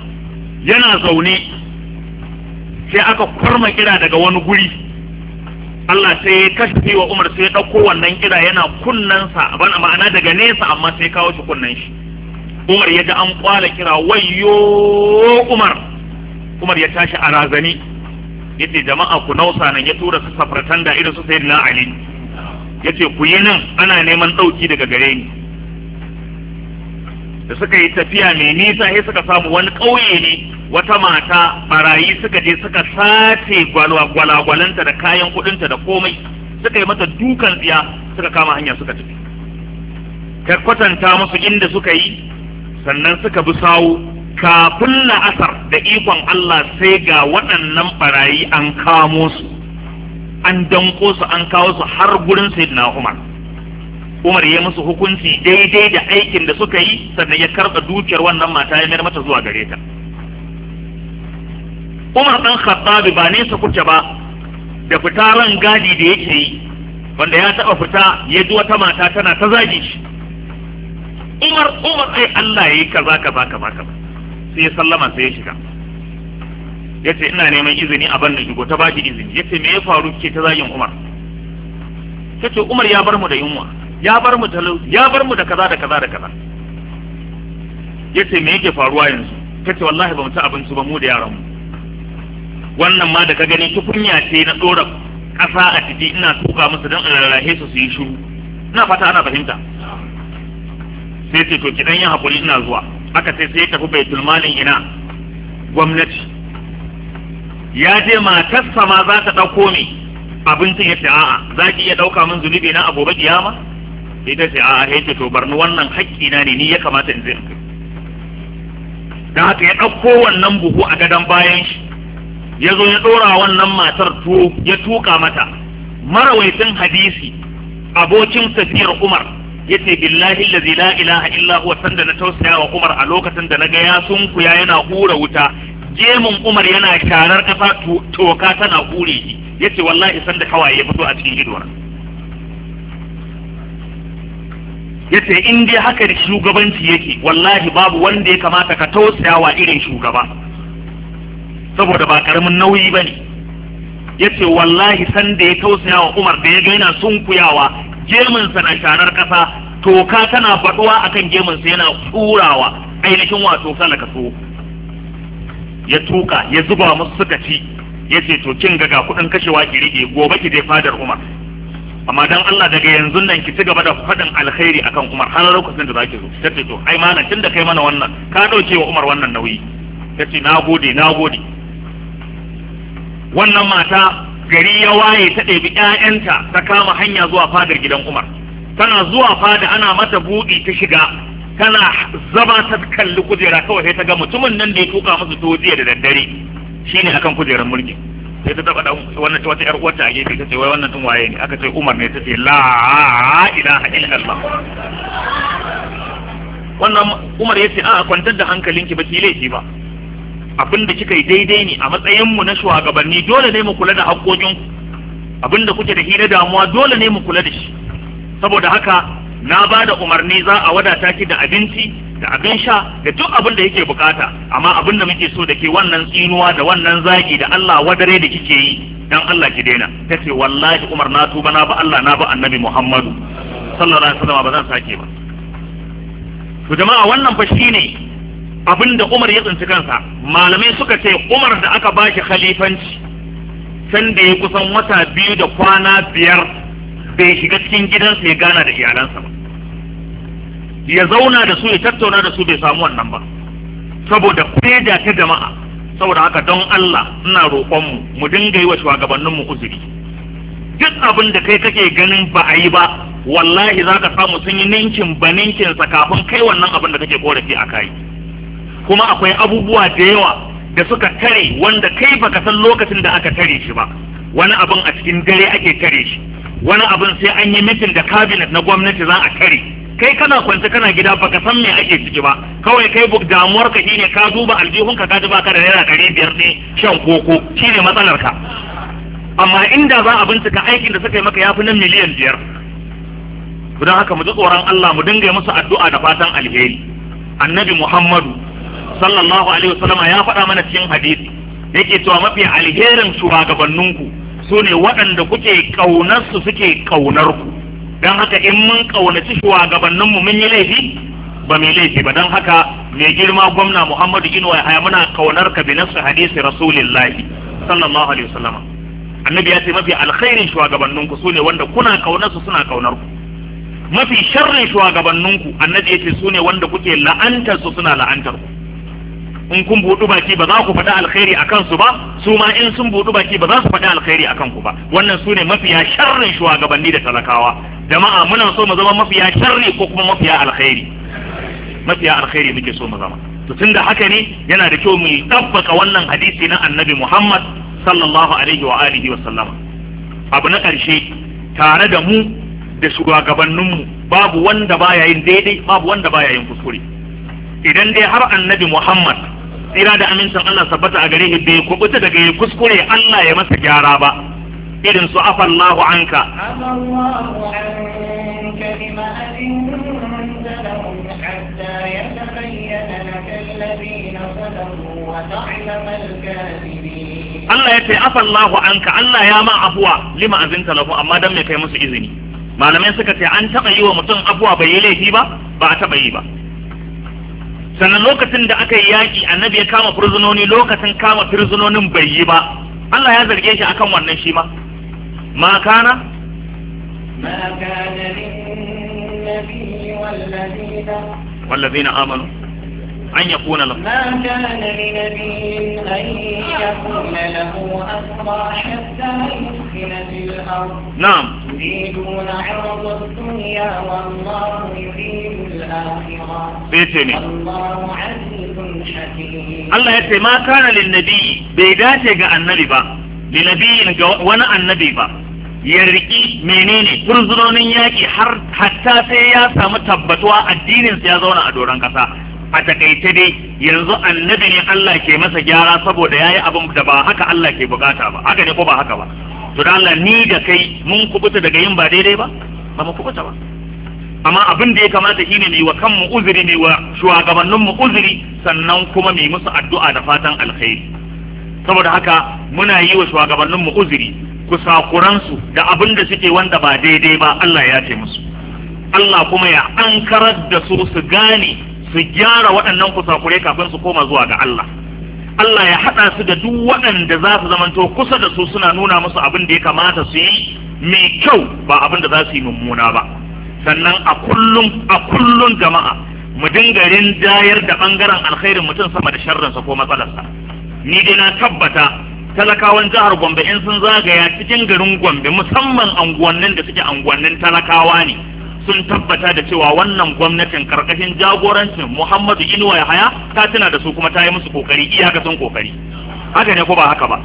yana zaune sai aka kwarma kira daga wani guri Allah sai ya kashe wa Umar sai ya ɗauko wannan kira yana kunnansa bana ma'ana daga nesa amma sai kawo shi kunnan shi Umar ya ji an kwala kira wayyo Umar Umar ya tashi a razani yace jama'a ku nausa nan ya tura su safaratan da irin su sayyidina Ali yace ku yi nan ana neman dauki daga gare ni da suka yi tafiya mai nisa sai suka samu wani ƙauye ne wata mata barayi suka je suka sace gwalagwalanta da kayan kuɗinta da komai suka yi mata dukan tsiya suka kama hanya suka tafi ka kwatanta musu inda suka yi sannan suka bi sawu kafin asar da ikon Allah sai ga waɗannan barayi an kamo su an danko su an kawo su har gurin sayyidina Umar Umar ya musu hukunci daidai da aikin da suka yi sannan ya karɓa dukiyar wannan mata ya mayar mata zuwa gare ta Umar ɗan Khattabi ba nesa kuke ba da fita ran gadi da yake yi wanda ya taɓa fita ya ji wata mata tana ta zagi shi Umar Umar ai Allah ya yi kaza kaza kaza kaza sai ya sallama sai ya shiga Ya ce ina neman izini a bannin shigo ta baki izini Ya ce me ya faru ke ta zagin Umar Ta ce Umar ya bar mu da yunwa ya bar mu talauci ya bar mu da kaza da kaza da kaza yace me yake faruwa yanzu kace wallahi ba mu ci abinci ba mu da yaran mu wannan ma da ka gani tukunya ce na dora kasa a ciki ina tuka musu don rarrahe su su yi shiru ina fata ana fahimta sai ce to kidan yin hakuri ina zuwa aka sai sai ya tafi baitul malin ina gwamnati ya je matarsa ma za ta dauko me abincin ya ce a'a za ki iya dauka min zunubi na abu ba ma? sai ta ce a yace to barni wannan haƙƙi na ne ni ya kamata in zai da haka ya ɗauko wannan buhu a gadon bayan shi ya zo ya ɗora wannan matar to ya tuka mata marawaitin hadisi abokin safiyar umar ya ce billahi lazi la ilaha illa huwa sanda na tausaya wa umar a lokacin da na ga ya sunkuya yana hura wuta jemin umar yana sharar ƙasa toka tana hure shi ya ce wallahi sanda kawai ya fito a cikin idona Ya ce, in dai haka da shugabanci yake wallahi babu wanda ya kamata ka tausayawa irin shugaba saboda ba karamin nauyi ba ne. Ya ce, wallahi sanda da ya tausayawa Umar da ya gaina sun sunkuyawa geminsa na sharar kasa toka tana baduwa kan geminsa yana turawa ainihin wato kala kaso ya tuka ya zuba musu suka ci yace to kin ga kuɗin kashewa ki rike gobe ki dai fadar Umar amma dan Allah daga yanzu nan ki ci gaba da faɗin alkhairi akan Umar har lokacin da zaki zo tace to ai mana tun da kai mana wannan ka dauke wa Umar wannan nauyi tace nagode nagode wannan mata gari ya waye ta ɗebi ƴaƴanta ta kama hanya zuwa fadar gidan Umar tana zuwa fada ana mata buɗi ta shiga tana zaba ta kalli kujera kawai sai ta ga mutumin nan da ya tuka musu to jiya da daddare shine akan kujerar mulkin sai ta taba dan wannan wata yar uwarta a gefe ce wai wannan tun waye ne aka ce Umar ne ta ce la ilaha illallah wannan Umar ya ce, a kwantar da hankalinki ba ki laifi ba abin da kika yi daidai ne a matsayin mu na shugabanni dole ne mu kula da haƙoƙin abin da kuke da hira damuwa dole ne mu kula da shi saboda haka na ba da umarni za a wadata ki da abinci da abin sha da duk abin da yake bukata amma abin da muke so da ke wannan tsinuwa da wannan zagi da Allah wadare da kike yi dan Allah ki daina tace wallahi Umar na tuba na ba Allah na ba Annabi Muhammadu sallallahu alaihi wasallam ba zan sake ba to jama'a wannan fa ne abin da Umar ya tsinci kansa malamai suka ce Umar da aka shi khalifanci san da ya kusan wata biyu da kwana biyar bai shiga cikin gidansa ya gana da iyalansa ba ya zauna da su ya tattauna da su bai samu wannan ba saboda da ta jama'a saboda haka don Allah ina roƙonmu mu dinga yi wa shugabanninmu uzuri duk abin da kai kake ganin ba a yi ba wallahi za ka samu sun yi ninkin ba ninkin kafin kai wannan abin da kake korafi a kai kuma akwai abubuwa da yawa da suka tare wanda kai baka san lokacin da aka tare shi ba wani abin a cikin dare ake tare shi wani abin sai an yi mitin da cabinet na gwamnati za a tare kai kana kwance kana gida baka san me ake ciki ba kawai kai buk damuwar ka shine ka duba aljihun ka ka duba ka da naira kare biyar ne shan koko shine matsalar ka amma inda za a bincika aikin da suka yi maka yafi nan miliyan biyar don haka mu ji tsoron Allah mu dinga musu addu'a da fatan alheri annabi Muhammadu sallallahu alaihi wasallam ya faɗa mana cikin hadisi yake cewa mafi alherin shugabanninku su ne waɗanda kuke su suke kaunar ku don haka in mun ƙaunaci shugabanninmu mun yi laifi ba mai laifi ba don haka mai girma gwamna muhammadu inuwa ya haya muna ƙaunar ka binafsu hadisi rasulillahi sallallahu alaihi wasallam annabi ya ce mafi alkhairin shugabanninku su ne wanda kuna kaunar su suna ƙaunar ku mafi sharrin shugabanninku annabi ya ce su ne wanda kuke la'antar su suna la'antar ku in kun buɗu baki ba za ku faɗi alkhairi a kansu ba su ma in sun buɗu baki ba za su faɗi alkhairi a kanku ba wannan su ne mafiya sharrin shugabanni da talakawa jama'a muna so mu zama mafiya sharri ko kuma mafiya alkhairi mafiya alkhairi muke so mu zama to tunda haka ne yana da kyau mu tabbaka wannan hadisi na annabi Muhammad sallallahu alaihi wa alihi wa sallama abu na karshe tare da mu da shugabanninmu babu wanda baya yin daidai babu wanda baya yin kuskure idan dai har annabi Muhammad tsira da amincin Allah sabbata a gare shi bai kubuta daga yin kuskure Allah ya masa gyara ba irin su afallahu anka Allah ya ce afallahu anka Allah ya ma afuwa lima azinta lahu amma dan me kai musu izini malamai suka ce an taba yi wa mutum afuwa bai yi laifi ba ba a taba yi ba sannan lokacin da aka yi yaƙi annabi ya kama fursunoni lokacin kama fursunonin bai yi ba Allah ya zarge shi akan wannan shi ma ما كان ما كان للنبي والذين والذين آمنوا أن يكون لهم ما كان لنبي أن يكون له أسرى حتى يسكن في الأرض نعم يريدون عرض الدنيا والله يريد الآخرة بيتني الله عزيز حكيم الله ما كان للنبي بيداتك النبي نبي li ga wani annabi ba ya riki menene furzunonin yaki har hatta sai ya samu tabbatuwa addinin sa ya zauna a doron kasa a takaice dai yanzu annabi ne Allah ke masa gyara saboda yayi abin da ba haka Allah ke bukata ba haka ne ko ba haka ba to da Allah ni da kai mun kubuta daga yin ba daidai ba ba mu kubuta ba amma abin da ya kamata shine ne wa kanmu uzuri mai wa shugabanninmu uzuri sannan kuma mu musu addu'a da fatan alkhairi saboda haka muna yi wa shugabannin mu uzuri kusakuransu da abin da suke wanda ba daidai ba Allah ya ce musu Allah kuma ya ankarar da su su gane su gyara waɗannan kusakure kafin su koma zuwa ga Allah Allah ya haɗa su da duk waɗanda za su zamanto kusa da su suna nuna musu abin da ya kamata su yi mai kyau ba abin da za su yi mummuna ba sannan a kullum a kullum jama'a mu dinga rin dayar da ɓangaren alkhairin mutum sama da sharrinsa ko matsalarsa ni dai na tabbata talakawan jihar Gombe in sun zagaya cikin garin Gombe musamman anguwannin da suke anguwannin talakawa ne sun tabbata da cewa wannan gwamnatin karkashin jagorancin Muhammadu Inuwa ya haya, ta tuna da su kuma ta yi musu kokari sun kokari haka ne ko ba haka ba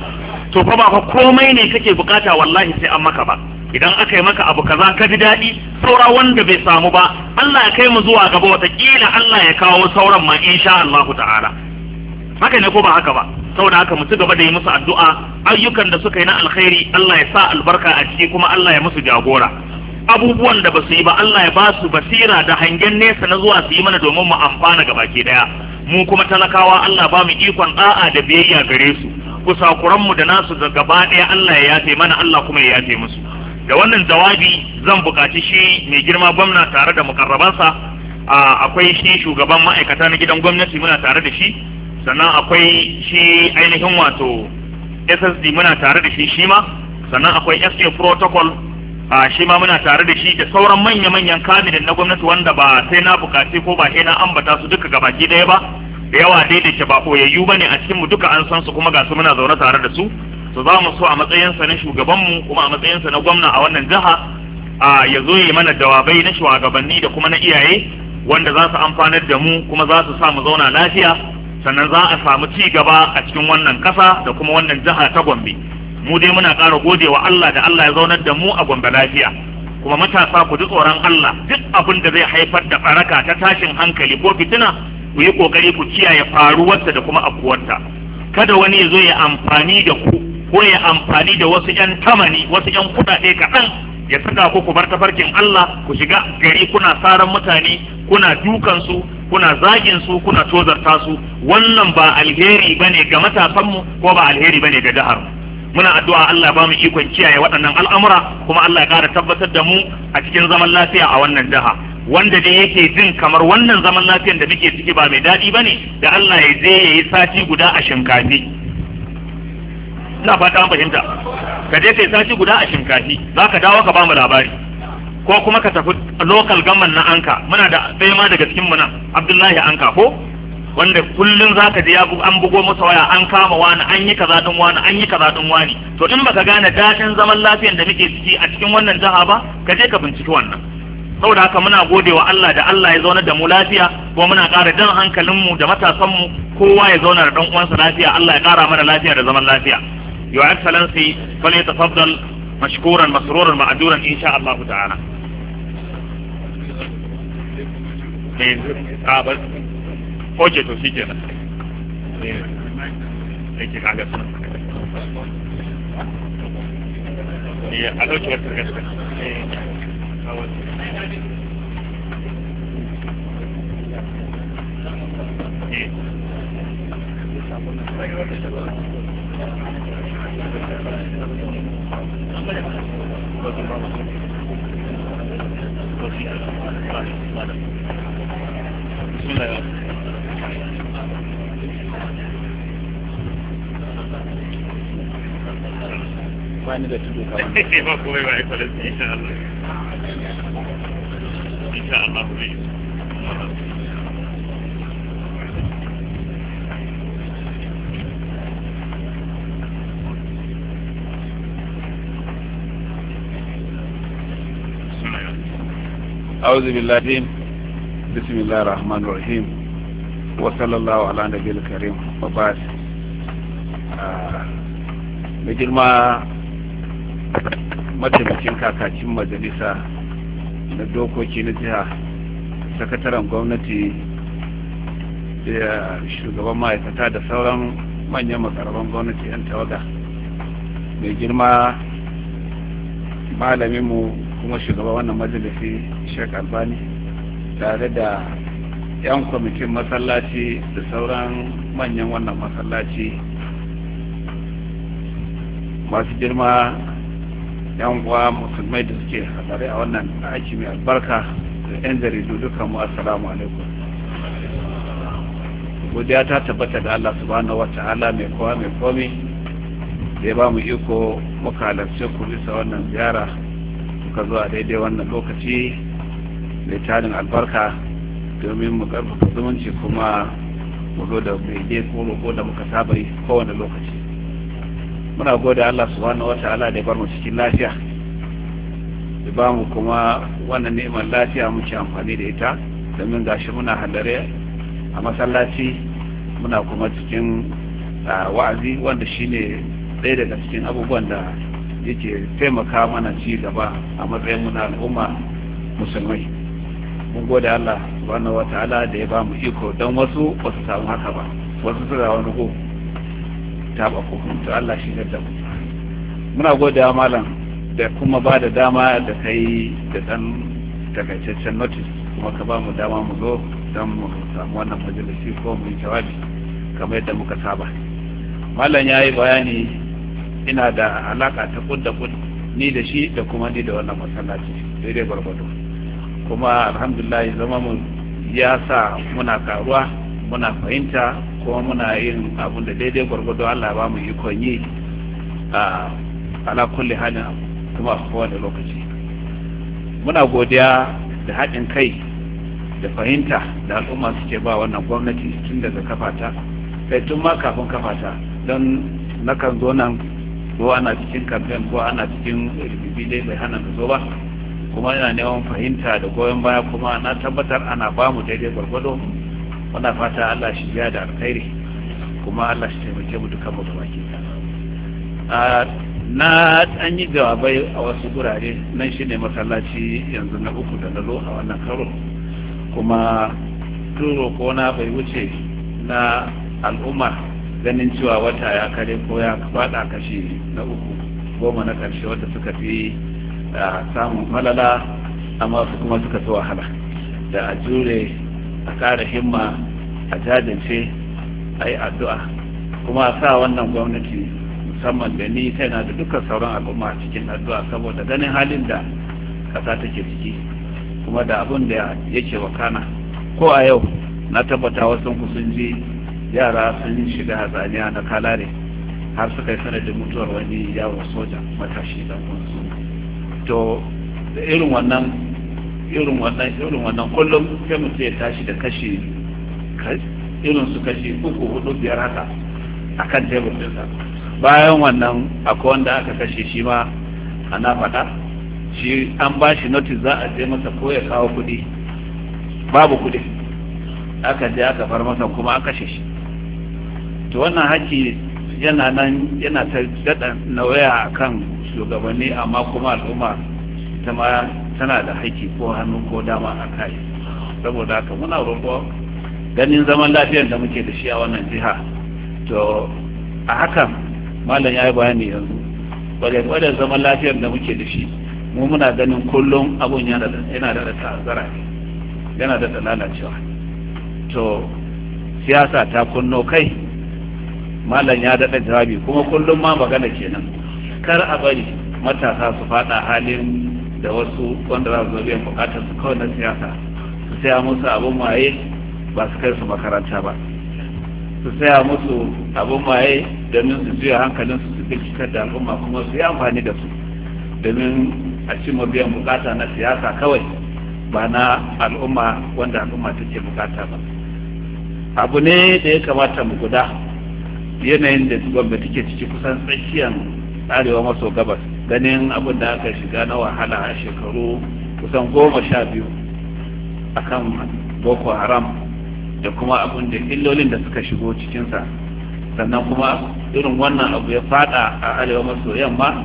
to fa ba fa komai ne kake bukata wallahi sai an maka ba idan aka yi maka abu kaza ka ji daɗi saura wanda bai samu ba Allah ya kai mu zuwa gaba watakila Allah ya kawo sauran ma insha Allah ta'ala haka ne ko ba haka ba saboda haka mu ci gaba da yi musu addu'a ayyukan da suka yi na alkhairi Allah ya sa albarka a ciki kuma Allah ya musu jagora abubuwan da ba su yi ba Allah ya ba su basira da hangen nesa na zuwa su yi mana domin mu amfana ga baki daya mu kuma talakawa Allah ba mu ikon da'a da biyayya gare su kusakuran mu da nasu ga gaba daya Allah ya yafe mana Allah kuma ya yafe musu da wannan jawabi zan bukaci shi mai girma gwamna tare da mukarrabansa ah, akwai shi shugaban ma'aikata na gidan gwamnati muna tare da shi sannan akwai shi ainihin wato SSD muna tare da shi shi ma sannan akwai SA protocol a shi ma muna tare da shi da sauran manya-manyan kamilin na gwamnati wanda ba sai na bukaci ko ba sai na ambata su duka gabaki daya ba da yawa dai da ke ba koyayyu bane a cikin mu duka an san su kuma ga su muna zaune tare da su to za mu so a matsayinsa na shugabanmu kuma a matsayinsa na gwamna a wannan jiha a ya zo yi mana jawabai na shugabanni da kuma na iyaye wanda za su amfanar da mu kuma za su sa mu zauna lafiya sannan za a samu ci gaba a cikin wannan ƙasa da kuma wannan jiha ta Gombe mu dai muna ƙara wa Allah da Allah ya zaunar da mu a Gombe lafiya kuma matasa ku ji tsoron Allah duk abin da zai haifar da baraka ta tashin hankali ko fitina ku yi kokari ku kiyaye faruwarta da kuma afkuwarta kada wani ya zo ya amfani da ku ko ya amfani da wasu 'yan tamani wasu 'yan kuɗaɗe kaɗan ya saka ku ku bar tafarkin Allah ku shiga gari kuna saran mutane kuna dukan su kuna zagin su kuna tozarta su wannan ba alheri bane ga matasan mu ko ba alheri bane ga jahar muna addu'a Allah ba mu ikon kiyaye waɗannan al'amura kuma Allah ya ƙara tabbatar da mu a cikin zaman lafiya a wannan jaha wanda dai yake jin kamar wannan zaman lafiyar da muke ciki ba mai daɗi bane da Allah ya je ya yi sati guda a shinkafi ina fata an fahimta ka je kai sati guda a shinkafi za ka dawo ka ba mu labari ko kuma ka tafi local gamman na anka muna da ɗaya ma daga cikin muna abdullahi anka ko wanda kullum za ka je an bugo masa waya an kama wani an yi kaza din wani an yi kaza wani to in baka gane daɗin zaman lafiyan da muke ciki a cikin wannan jaha ba ka je ka binciki wannan saboda haka muna gode wa Allah da Allah ya zauna da mu lafiya kuma muna ƙara jan hankalinmu da matasanmu kowa ya zauna da ɗan uwansa lafiya Allah ya ƙara mana lafiya da zaman lafiya يعد فلنسي فليتفضل مشكورا مسرورا معدورا ان شاء الله تعالى Thank إيه. you. آه، bani da tudu kamar ba kuma ba insha Allah insha Allah أعوذ بالله الرحيم بسم الله الرحمن الرحيم وصلى الله على النبي الكريم وبعد مجل girma mataimakin kakakin majalisa na dokoki na jiha sakataren gwamnati da shugaban ma'aikata da sauran manyan makarban gwamnati 'yan tawada. mai girma malaminmu kuma shugaba wannan majalisi shek albani tare da 'yan kwamitin masallaci da sauran manyan wannan masallaci masu girma 'yan uwa musulmai da suke hadari a wannan aiki mai albarka da 'yan jaridu dukkan mu assalamu alaikum godiya ta tabbata da Allah subhanahu wa ta'ala mai kowa mai komi da ya ba mu iko muka halarci ku bisa wannan ziyara kuka a daidai wannan lokaci mai tarin albarka domin mu karfafa zumunci kuma mu zo da bege ko da muka saba yi kowane lokaci muna gode Allah subhanahu wa ta'ala da bar mu cikin lafiya da ba mu kuma wannan neman lafiya muke amfani da ita domin gashi muna hallare a masallaci muna kuma cikin ah, wa'azi wanda shine ɗaya daga cikin abubuwan da yake taimaka mana ci gaba a matsayin mu na al'umma musulmai mun gode Allah subhanahu wataala da ya ba mu iko don wasu ba su samu haka ba wasu su wani go ta ba ko to Allah shi da mu muna gode wa malam da kuma ba da dama da kai da dan takaitaccen notice kuma ka ba mu dama mu zo don mu samu wannan majalisi ko mu yi jawabi kamar yadda muka saba malam ya yi bayani ina da alaka ta kudda da kud ni da shi da kuma ni da wannan masallaci daidai gwargwado kuma alhamdulillah zama mu ya sa muna karuwa muna fahimta kuma muna yin abun da daidai gwargwado Allah ba mu yi konyi a ala kulli halin kuma a kowane lokaci muna godiya da haɗin kai da fahimta da al'umma suke ba wannan gwamnati tun daga kafata sai tun ma kafin kafata don nakan zo nan ko ana cikin kamfen ko ana cikin rikici dai bai hana zo ba kuma yana neman fahimta da goyon baya kuma na tabbatar ana ba mu daidai gwargwado muna fata Allah shi biya da alkhairi kuma Allah shi taimake mu dukkan mu a na an yi jawabai a wasu gurare nan shi ne masallaci yanzu na uku da na zo a wannan karo kuma turo ko na bai wuce na al'umma ganin cewa wata ya kare ko ya fada kashi na uku goma na ƙarshe wata suka fi samun malala amma su kuma suka fi wahala da a jure a kara himma a jajince a yi addu'a kuma sa wannan gwamnati musamman da ni kaina da dukkan sauran al'umma a cikin addu'a saboda ganin halin da ƙasa take ciki kuma da abin da yake wakana ko a yau na tabbata wasu sun ji yara sun shiga hatsaniya na kalare har suka yi sanadin mutuwar wani yawon soja matashi da kunsu to da irin wannan irin wannan irin wannan kullum sai mutum ya tashi da kashi irin su kashi uku hudu biyar haka a kan tebur ɗinsa bayan wannan akwai wanda aka kashe shi ma a na faɗa shi an ba shi notis za a je masa ko ya kawo kuɗi babu kuɗi aka je aka far masa kuma aka kashe shi to wannan haƙƙi yana nan yana ta daɗa nawaya a kan shugabanni amma kuma al'umma ta ma tana da haƙƙi ko hannu ko dama a kai saboda haka muna roƙo ganin zaman lafiyar da muke da shi a wannan jiha to a hakan malam ya yi bayani yanzu ƙwarewar zaman lafiyar da muke da shi mu muna ganin kullum abun yana da da ta'azzara yana da lalacewa to siyasa ta kunno kai malam ya daɗa jawabi kuma kullum ma magana kenan kar a bari matasa su faɗa halin da wasu wanda za su biyan buƙatar su kawai na siyasa su saya musu abin waye ba su kai su makaranta ba su saya musu abin waye domin su juya hankalin su su bincikar da al'umma kuma su yi amfani da su domin a ma biyan buƙata na siyasa kawai ba na al'umma wanda al'umma take bukata ba abu ne da ya kamata mu guda yanayin da gwamnati ke ciki kusan tsakiyar arewa maso gabas ganin abin da aka shiga na wahala a shekaru kusan goma sha biyu a kan boko haram da kuma abin da illolin da suka shigo cikinsa sannan kuma irin wannan abu ya fada a arewa maso yamma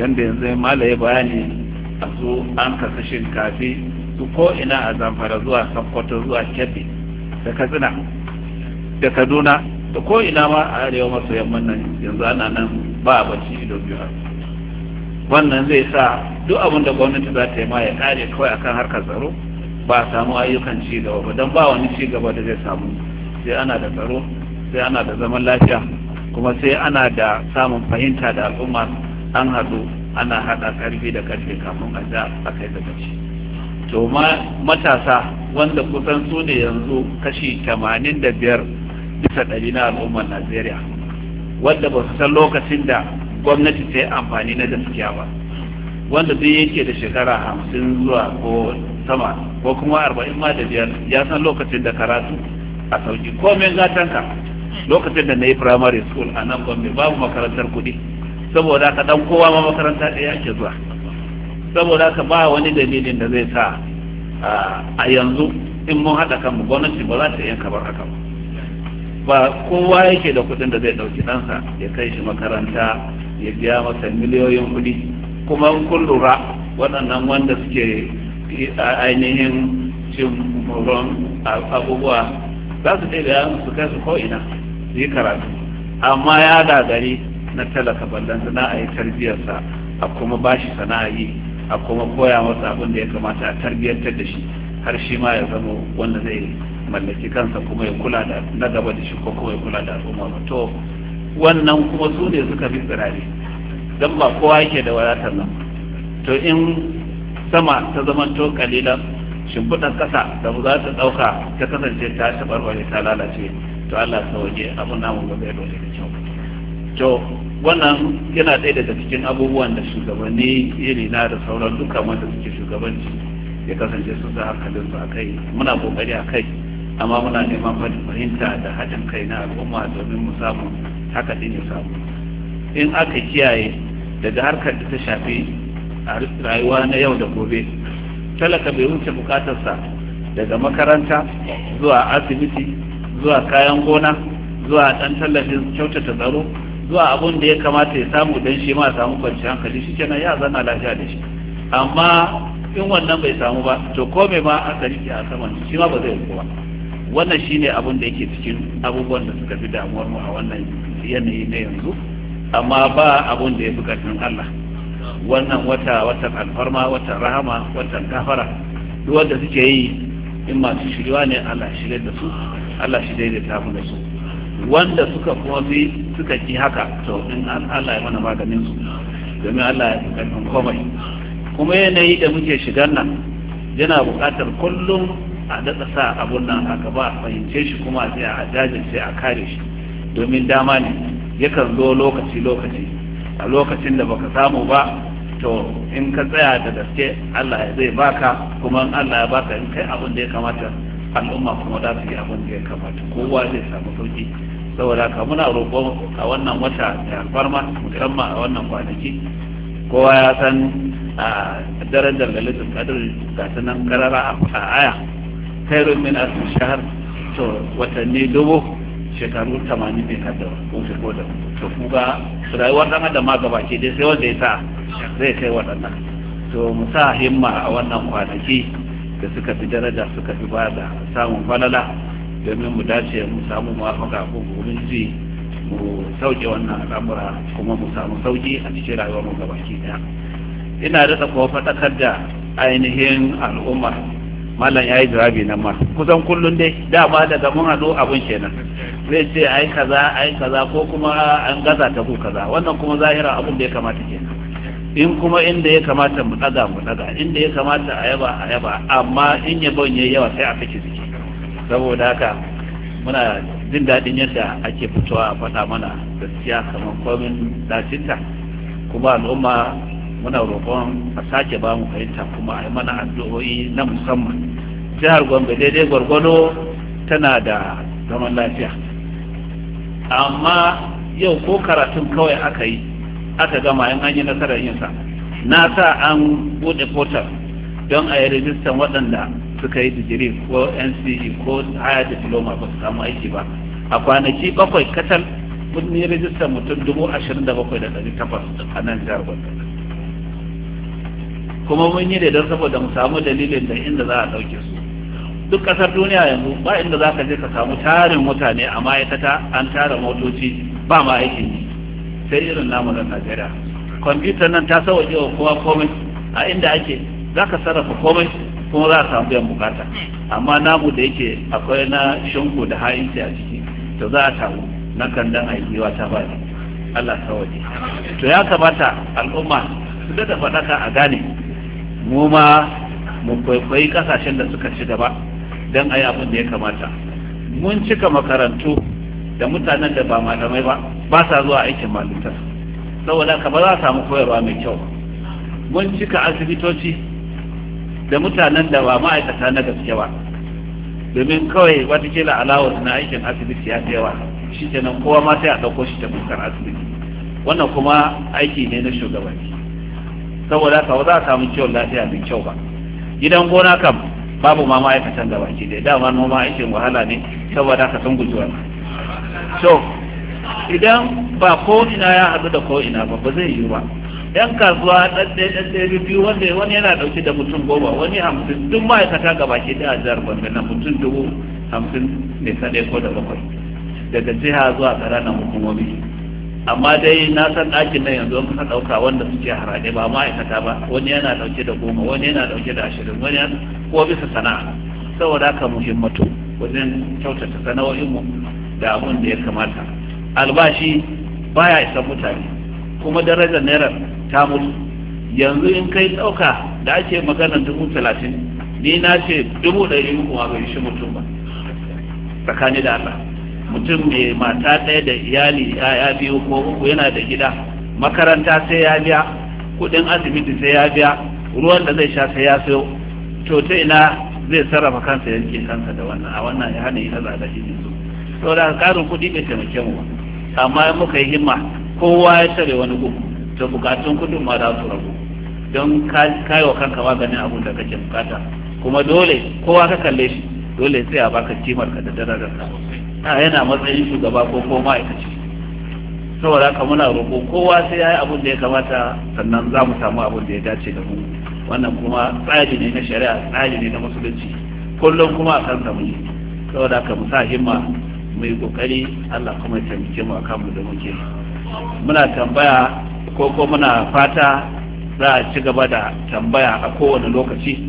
yadda yanzu malaye bayani a su an kasa shinkafi su ko ina a zamfara zuwa sankwato zuwa kebbi da katsina da kaduna da ko ina ma a arewa maso yamman nan yanzu ana nan ba a bacci ido biyu wannan zai sa duk abin da gwamnati za ta yi ma ya kare kawai akan harkar tsaro ba a samu ayyukan ci gaba ba don ba wani ci gaba da zai samu sai ana da tsaro sai ana da zaman lafiya kuma sai ana da samun fahimta da al'umma an haɗu ana haɗa karfi da ƙarfi kafin a ja a kai da gaci to matasa wanda kusan su ne yanzu kashi biyar. bisa ɗari na al'ummar najeriya wanda ba su san lokacin da gwamnati ta yi amfani na gaskiya ba wanda duk yake da shekara hamsin zuwa ko sama ko kuma arba'in ma da biyar ya san lokacin da karatu a sauki komen gatanka lokacin da na yi primary school a nan gwamnati babu makarantar kuɗi saboda ka ɗan kowa ma makaranta ɗaya ake zuwa saboda ka ba wani dalilin da zai sa a yanzu in mun haɗa kanmu gwamnati ba za ta yanka bar haka ba ba kowa yake da kuɗin da zai ɗauki ɗansa ya kai shi makaranta ya biya masa miliyoyin kuɗi kuma kun lura waɗannan wanda suke eh, ainihin cin muron abubuwa za su ɗaya da su kai su ko'ina su yi karatu amma ya gagari na talaka ballon a yi tarbiyarsa a kuma ba shi sana'a yi a kuma koya masa abin da ya kamata a tarbiyyantar da shi har shi ma ya zama wanda zai mallaki kansa kuma ya kula da na gaba da shi ko kuma ya kula da al'umma ba to wannan kuma su ne suka fi tsirare don ba kowa yake da wadatar nan to in sama ta zama to kalila shimfiɗar ƙasa da za ta ɗauka ta kasance ta wani ta lalace to Allah ta waje abin namu ba zai dole da kyau to wannan yana ɗaya daga cikin abubuwan da shugabanni iri na da sauran dukkan wanda suke shugabanci ya kasance su za hankalin su a kai muna kokari a kai amma muna neman fahimta da haɗin kai na al'umma domin mu samu haka din ya samu in aka kiyaye daga harkar da ta shafi a rayuwa na yau da gobe talaka bai wuce bukatarsa daga makaranta zuwa asibiti zuwa kayan gona zuwa ɗan tallafin kyautata tsaro zuwa abun da ya kamata ya samu don shi ma samu kwanciyar hankali shi kenan ya zana lafiya da shi amma in wannan bai samu ba to kome ma aka rike a saman shi ma ba zai yi ba wannan shine abin da yake cikin abubuwan da suka fi damuwar mu a wannan yanayi na yanzu amma ba abin da ya fi ƙarfin Allah wannan wata watan alfarma watan rahama watan kafara duk wanda suke yi in masu shirwa ne Allah shirya da su Allah shi da mu da su wanda suka kuma fi suka ki haka to in Allah ya mana maganin su domin Allah ya fi ƙarfin komai kuma yanayi da muke shigar nan yana buƙatar kullum a daɗa sa abun nan a gaba a fahimce shi kuma a tsaya a jajirce a kare shi domin dama ne yakan zo lokaci lokaci a lokacin da baka samu ba to in ka tsaya da gaske Allah ya zai baka kuma in Allah ya baka in kai abun da ya kamata al'umma kuma za su yi abun da ya kamata kowa zai samu sauki saboda ka muna roƙo a wannan wata da alfarma musamman a wannan kwanaki kowa ya san a ah, darajar lalitin kadar ga nan karara a aya khairun min alf shahr to watanni dubu shekaru 80 ne kada ko da to ku rayuwar dan adam ma gaba ce dai sai wanda ya sa zai kai waɗannan to mu sa himma a wannan kwanaki da suka fi daraja suka fi ba da samun falala domin mu dace mu samu mafaka ko gurin ji mu sauke wannan al'amura kuma mu samu sauki a cikin rayuwar mu gaba ki daya ina da ko faɗakar da ainihin al'umma malam ya yi jawabi nan ma kusan kullum dai dama daga mun hadu abun kenan zai ce ai kaza ai kaza ko kuma an gaza ta ku kaza wannan kuma zahira abun da ya kamata kenan in kuma inda ya kamata mu daga mu daga inda ya kamata a yaba a yaba amma in yabon ya yawa sai a fice ciki saboda haka muna jin dadin yadda ake fitowa a faɗa mana gaskiya kamar komin dacinta kuma al'umma muna roƙon a sake ba mu fahimta kuma a mana addu'o'i na musamman jihar gombe daidai gwargwado tana da zaman lafiya amma yau ko karatun kawai aka yi aka gama yin an yi nasarar yin sa na sa an bude portal don a yi rijistan waɗanda suka yi digiri ko nce ko haya diploma ba su samu aiki ba a kwanaki bakwai kacal mun yi rijistan mutum dubu ashirin da bakwai da ɗari takwas a nan jihar gwamnati kuma mun yi da saboda mu samu dalilin da inda za a ɗauke su duk ƙasar duniya yanzu ba inda za ka je ka samu tarin mutane a ma'aikata an tara motoci ba ma aikin yi sai irin namu na najeriya kwamfutar nan ta sauwaje wa kowa komai a inda ake za ka sarrafa komai kuma za a samu biyan bukata amma namu da yake akwai na shinku da ha'inci a ciki to za a samu na kandan aikiwa ta bani Allah sauwaje to ya kamata al'umma su da faɗaka a gane mu ma mu kwaikwayi kasashen da suka ci gaba don a yi abin da ya kamata mun cika makarantu da mutanen da ba malamai ba ba sa zuwa aikin malintar saboda ka ba za a samu koyarwa mai kyau mun cika asibitoci da mutanen da ba ma'aikata na gaske ba domin kawai watakila alawar na aikin asibiti ya yawa shi kenan kowa ma sai a ɗauko shi ta fuskar asibiti wannan kuma aiki ne na shugabanni saboda haka ba za a samu ciwon lafiya mai kyau ba gidan gona kam babu ma ma'aikatan da baki da dama noma aikin wahala ne saboda haka sun guji wannan so idan ba ko ina ya haɗu da ko ina ba ba zai yi ba yan kasuwa ɗanɗe dai biyu wanda wani yana ɗauke da mutum goma wani hamsin duk ma'aikata ga baki da jihar bambe na mutum dubu hamsin ne kaɗai ko da bakwai daga jiha zuwa ƙananan hukumomi amma dai na san ɗakin nan yanzu muka ɗauka wanda suke haraɗe ba ma'aikata ba wani yana ɗauke da goma wani yana ɗauke da ashirin wani ko bisa sana'a saboda haka muhimmatu wajen kyautata sana'o'inmu da abin da ya kamata albashi baya isan mutane kuma darajar naira ta mutu yanzu in kai ɗauka da ake magana dubu talatin ni na ce dubu ɗari uku ma bai shi mutum ba tsakani da Allah mutum mai mata ɗaya da iyali ya biyu ko uku yana da gida makaranta sai ya biya kuɗin asibiti sai ya biya ruwan da zai sha sai ya sayo to ta ina zai sarrafa kansa yanke kansa da wannan a wannan ya hana yi haza shi yanzu to da karin kuɗi bai taimake mu amma muka yi himma kowa ya tare wani gugu to bukatun kuɗin ma za su rabu. don kayo kanka maganin abun da kake bukata kuma dole kowa ka kalle shi dole sai a baka kimar ka da darajar a yana matsayin shugaba ko ko ma'aikaci saboda haka muna roƙo kowa sai ya yi abin da ya kamata sannan za mu samu abin da ya dace da mu wannan kuma tsari ne na shari'a tsari ne na musulunci kullum kuma a kan samu saboda haka mu sa himma mu kokari Allah kuma ya taimake mu akan mu da muke muna tambaya ko ko muna fata za a ci gaba da tambaya a kowane lokaci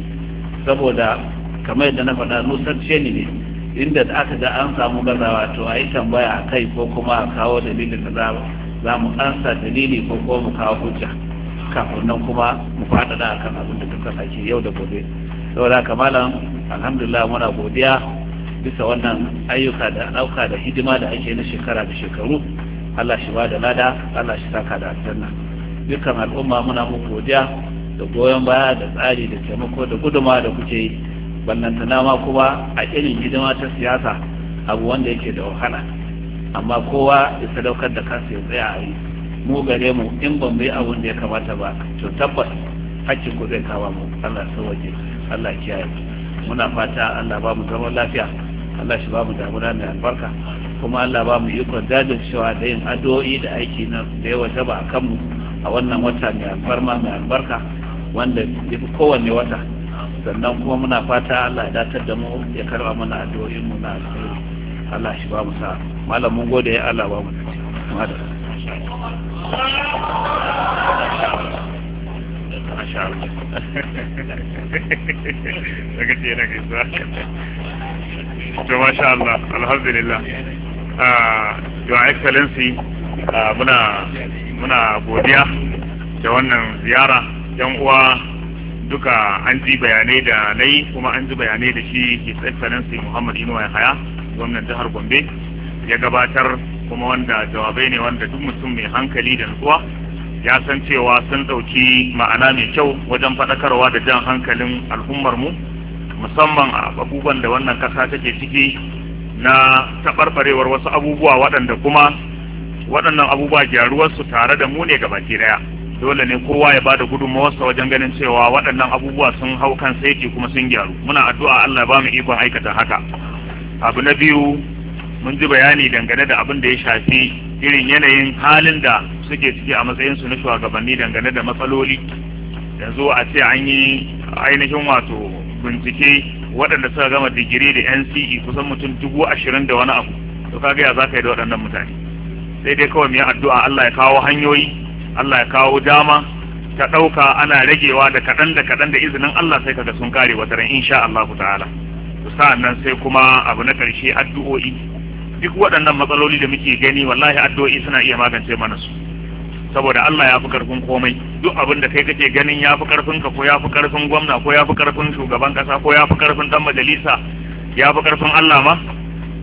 saboda kamar yadda na faɗa nusar ne inda da aka ga an samu gazawa to a yi tambaya a kai ko kuma a kawo dalilin da za mu ansa dalili ko kuma mu kawo hujja kafin nan kuma mu faɗaɗa akan abin da ta ke yau da gobe saboda malam alhamdulillah muna godiya bisa wannan ayyuka da ɗauka da hidima da ake na shekara da shekaru Allah shi ba da lada Allah shi saka da aljanna dukkan al'umma muna muku godiya da goyon baya da tsari da taimako da guduma da kuke yi ballantana ma kuma a irin hidima ta siyasa abu wanda yake da wahala amma kowa ya sadaukar da kansa ya tsaya a yi mu gare mu in ban bai abun da ya kamata ba to tabbas hakkin ku zai kawo mu Allah ya waje Allah ya kiyaye muna fata Allah ba mu zaman lafiya Allah shi ba mu damuna mai albarka kuma Allah ba mu ikon jajircewa da yin addu'o'i da aiki na da yawa ba a kanmu a wannan wata mai alfarma mai albarka wanda kowanne wata sannan kuma muna fata Allah ya datar da mu ya karba mana addu'o'in mu na alheri Allah shi ba mu sa malam mun gode ya Allah ba mu da to masha Allah alhamdulillah ah, your excellency ah, muna muna godiya da wannan ziyara yan uwa duka an ji bayanai da nai kuma an ji bayanai da shi his excellency muhammad inuwa ya haya gwamnan jihar gombe ya gabatar kuma wanda jawabai ne wanda duk mutum mai hankali da nutsuwa ya san cewa sun ɗauki ma'ana mai kyau wajen faɗakarwa da jan hankalin al'ummar mu musamman a abubuwan da wannan ƙasa take ciki na taɓarɓarewar wasu abubuwa waɗanda kuma waɗannan abubuwa gyaruwarsu tare da mu ne gabaki ɗaya dole ne kowa ya bada sa wajen ganin cewa waɗannan abubuwa sun hau kan saiti kuma sun gyaru muna addu'a Allah ba mu ikon aikata haka abu na biyu mun ji bayani dangane da abin da ya shafi irin yanayin halin da suke ciki a matsayin su na shugabanni dangane da matsaloli yanzu a ce an yi ainihin wato bincike waɗanda suka gama digiri da nce kusan mutum dubu ashirin da wani abu to kaga ya za ka yi da waɗannan mutane sai dai kawai mu yi addu'a Allah ya kawo hanyoyi Allah ya kawo dama ta ɗauka ana ragewa da kaɗan da kaɗan da izinin Allah sai kaga sun kare wata ran insha Allah ta'ala to sa'an nan sai kuma abu na ƙarshe addu'o'i duk waɗannan matsaloli da muke gani wallahi addu'o'i suna iya magance mana su saboda Allah ya fi ƙarfin komai duk abin da kai kake ganin ya fi ƙarfin ka ko ya fi ƙarfin gwamna ko ya fi ƙarfin shugaban ƙasa ko ya fi ƙarfin ɗan majalisa ya fi ƙarfin Allah ma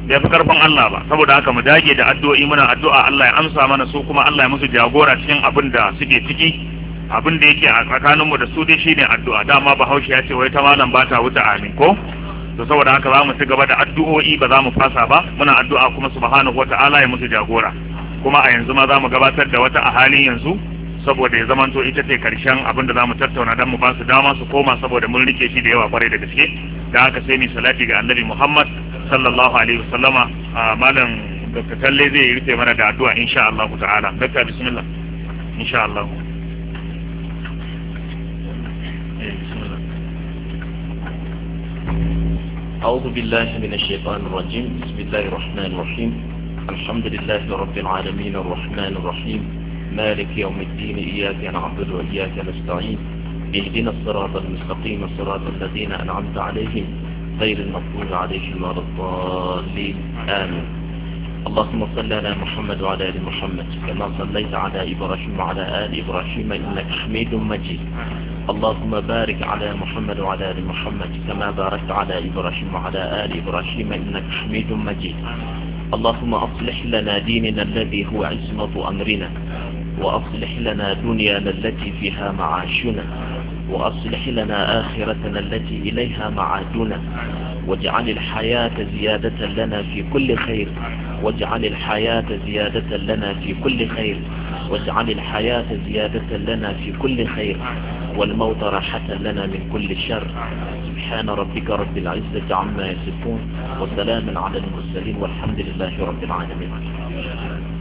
bai fi karfin Allah ba saboda haka mu dage da addu'o'i muna addu'a Allah ya amsa mana su kuma Allah ya musu jagora cikin abin da suke ciki abin da yake a tsakanin mu da su dai shine addu'a dama Bahaushe ya ce wai ta malam ba ta wuta amin ko to saboda haka za mu ci gaba da addu'o'i ba za mu fasa ba muna addu'a kuma subhanahu wata'ala ya musu jagora kuma a yanzu ma za mu gabatar da wata a halin yanzu saboda ya zamanto ita ce karshen abin da za mu tattauna don mu ba su dama su koma saboda mun rike shi da yawa kwarai da gaske da haka sai ni salati ga annabi Muhammad sallallahu alaihi wasallama a malam dr talle zai rufe mana da addu'a insha Allah ta'ala dr bismillah insha Allah eh, أعوذ بالله من الشيطان الرجيم بسم الله الرحمن الرحيم الحمد لله رب العالمين الرحمن الرحيم مالك يوم الدين إياك نعبد وإياك نستعين اهدنا الصراط المستقيم صراط الذين أنعمت عليهم غير المقبول عليهم ولا الضالين آمين اللهم صل على محمد وعلى آل محمد كما صليت على إبراهيم وعلى آل إبراهيم إنك حميد مجيد اللهم بارك على محمد وعلى آل محمد كما باركت على إبراهيم وعلى آل إبراهيم إنك حميد مجيد اللهم أصلح لنا ديننا الذي هو عصمة أمرنا وأصلح لنا دنيانا التي فيها معاشنا وأصلح لنا آخرتنا التي إليها معادنا واجعل الحياة زيادة لنا في كل خير واجعل الحياة زيادة لنا في كل خير واجعل الحياة زيادة لنا في كل خير والموت راحة لنا من كل شر سبحان ربك رب العزة عما يصفون وسلام على المرسلين والحمد لله رب العالمين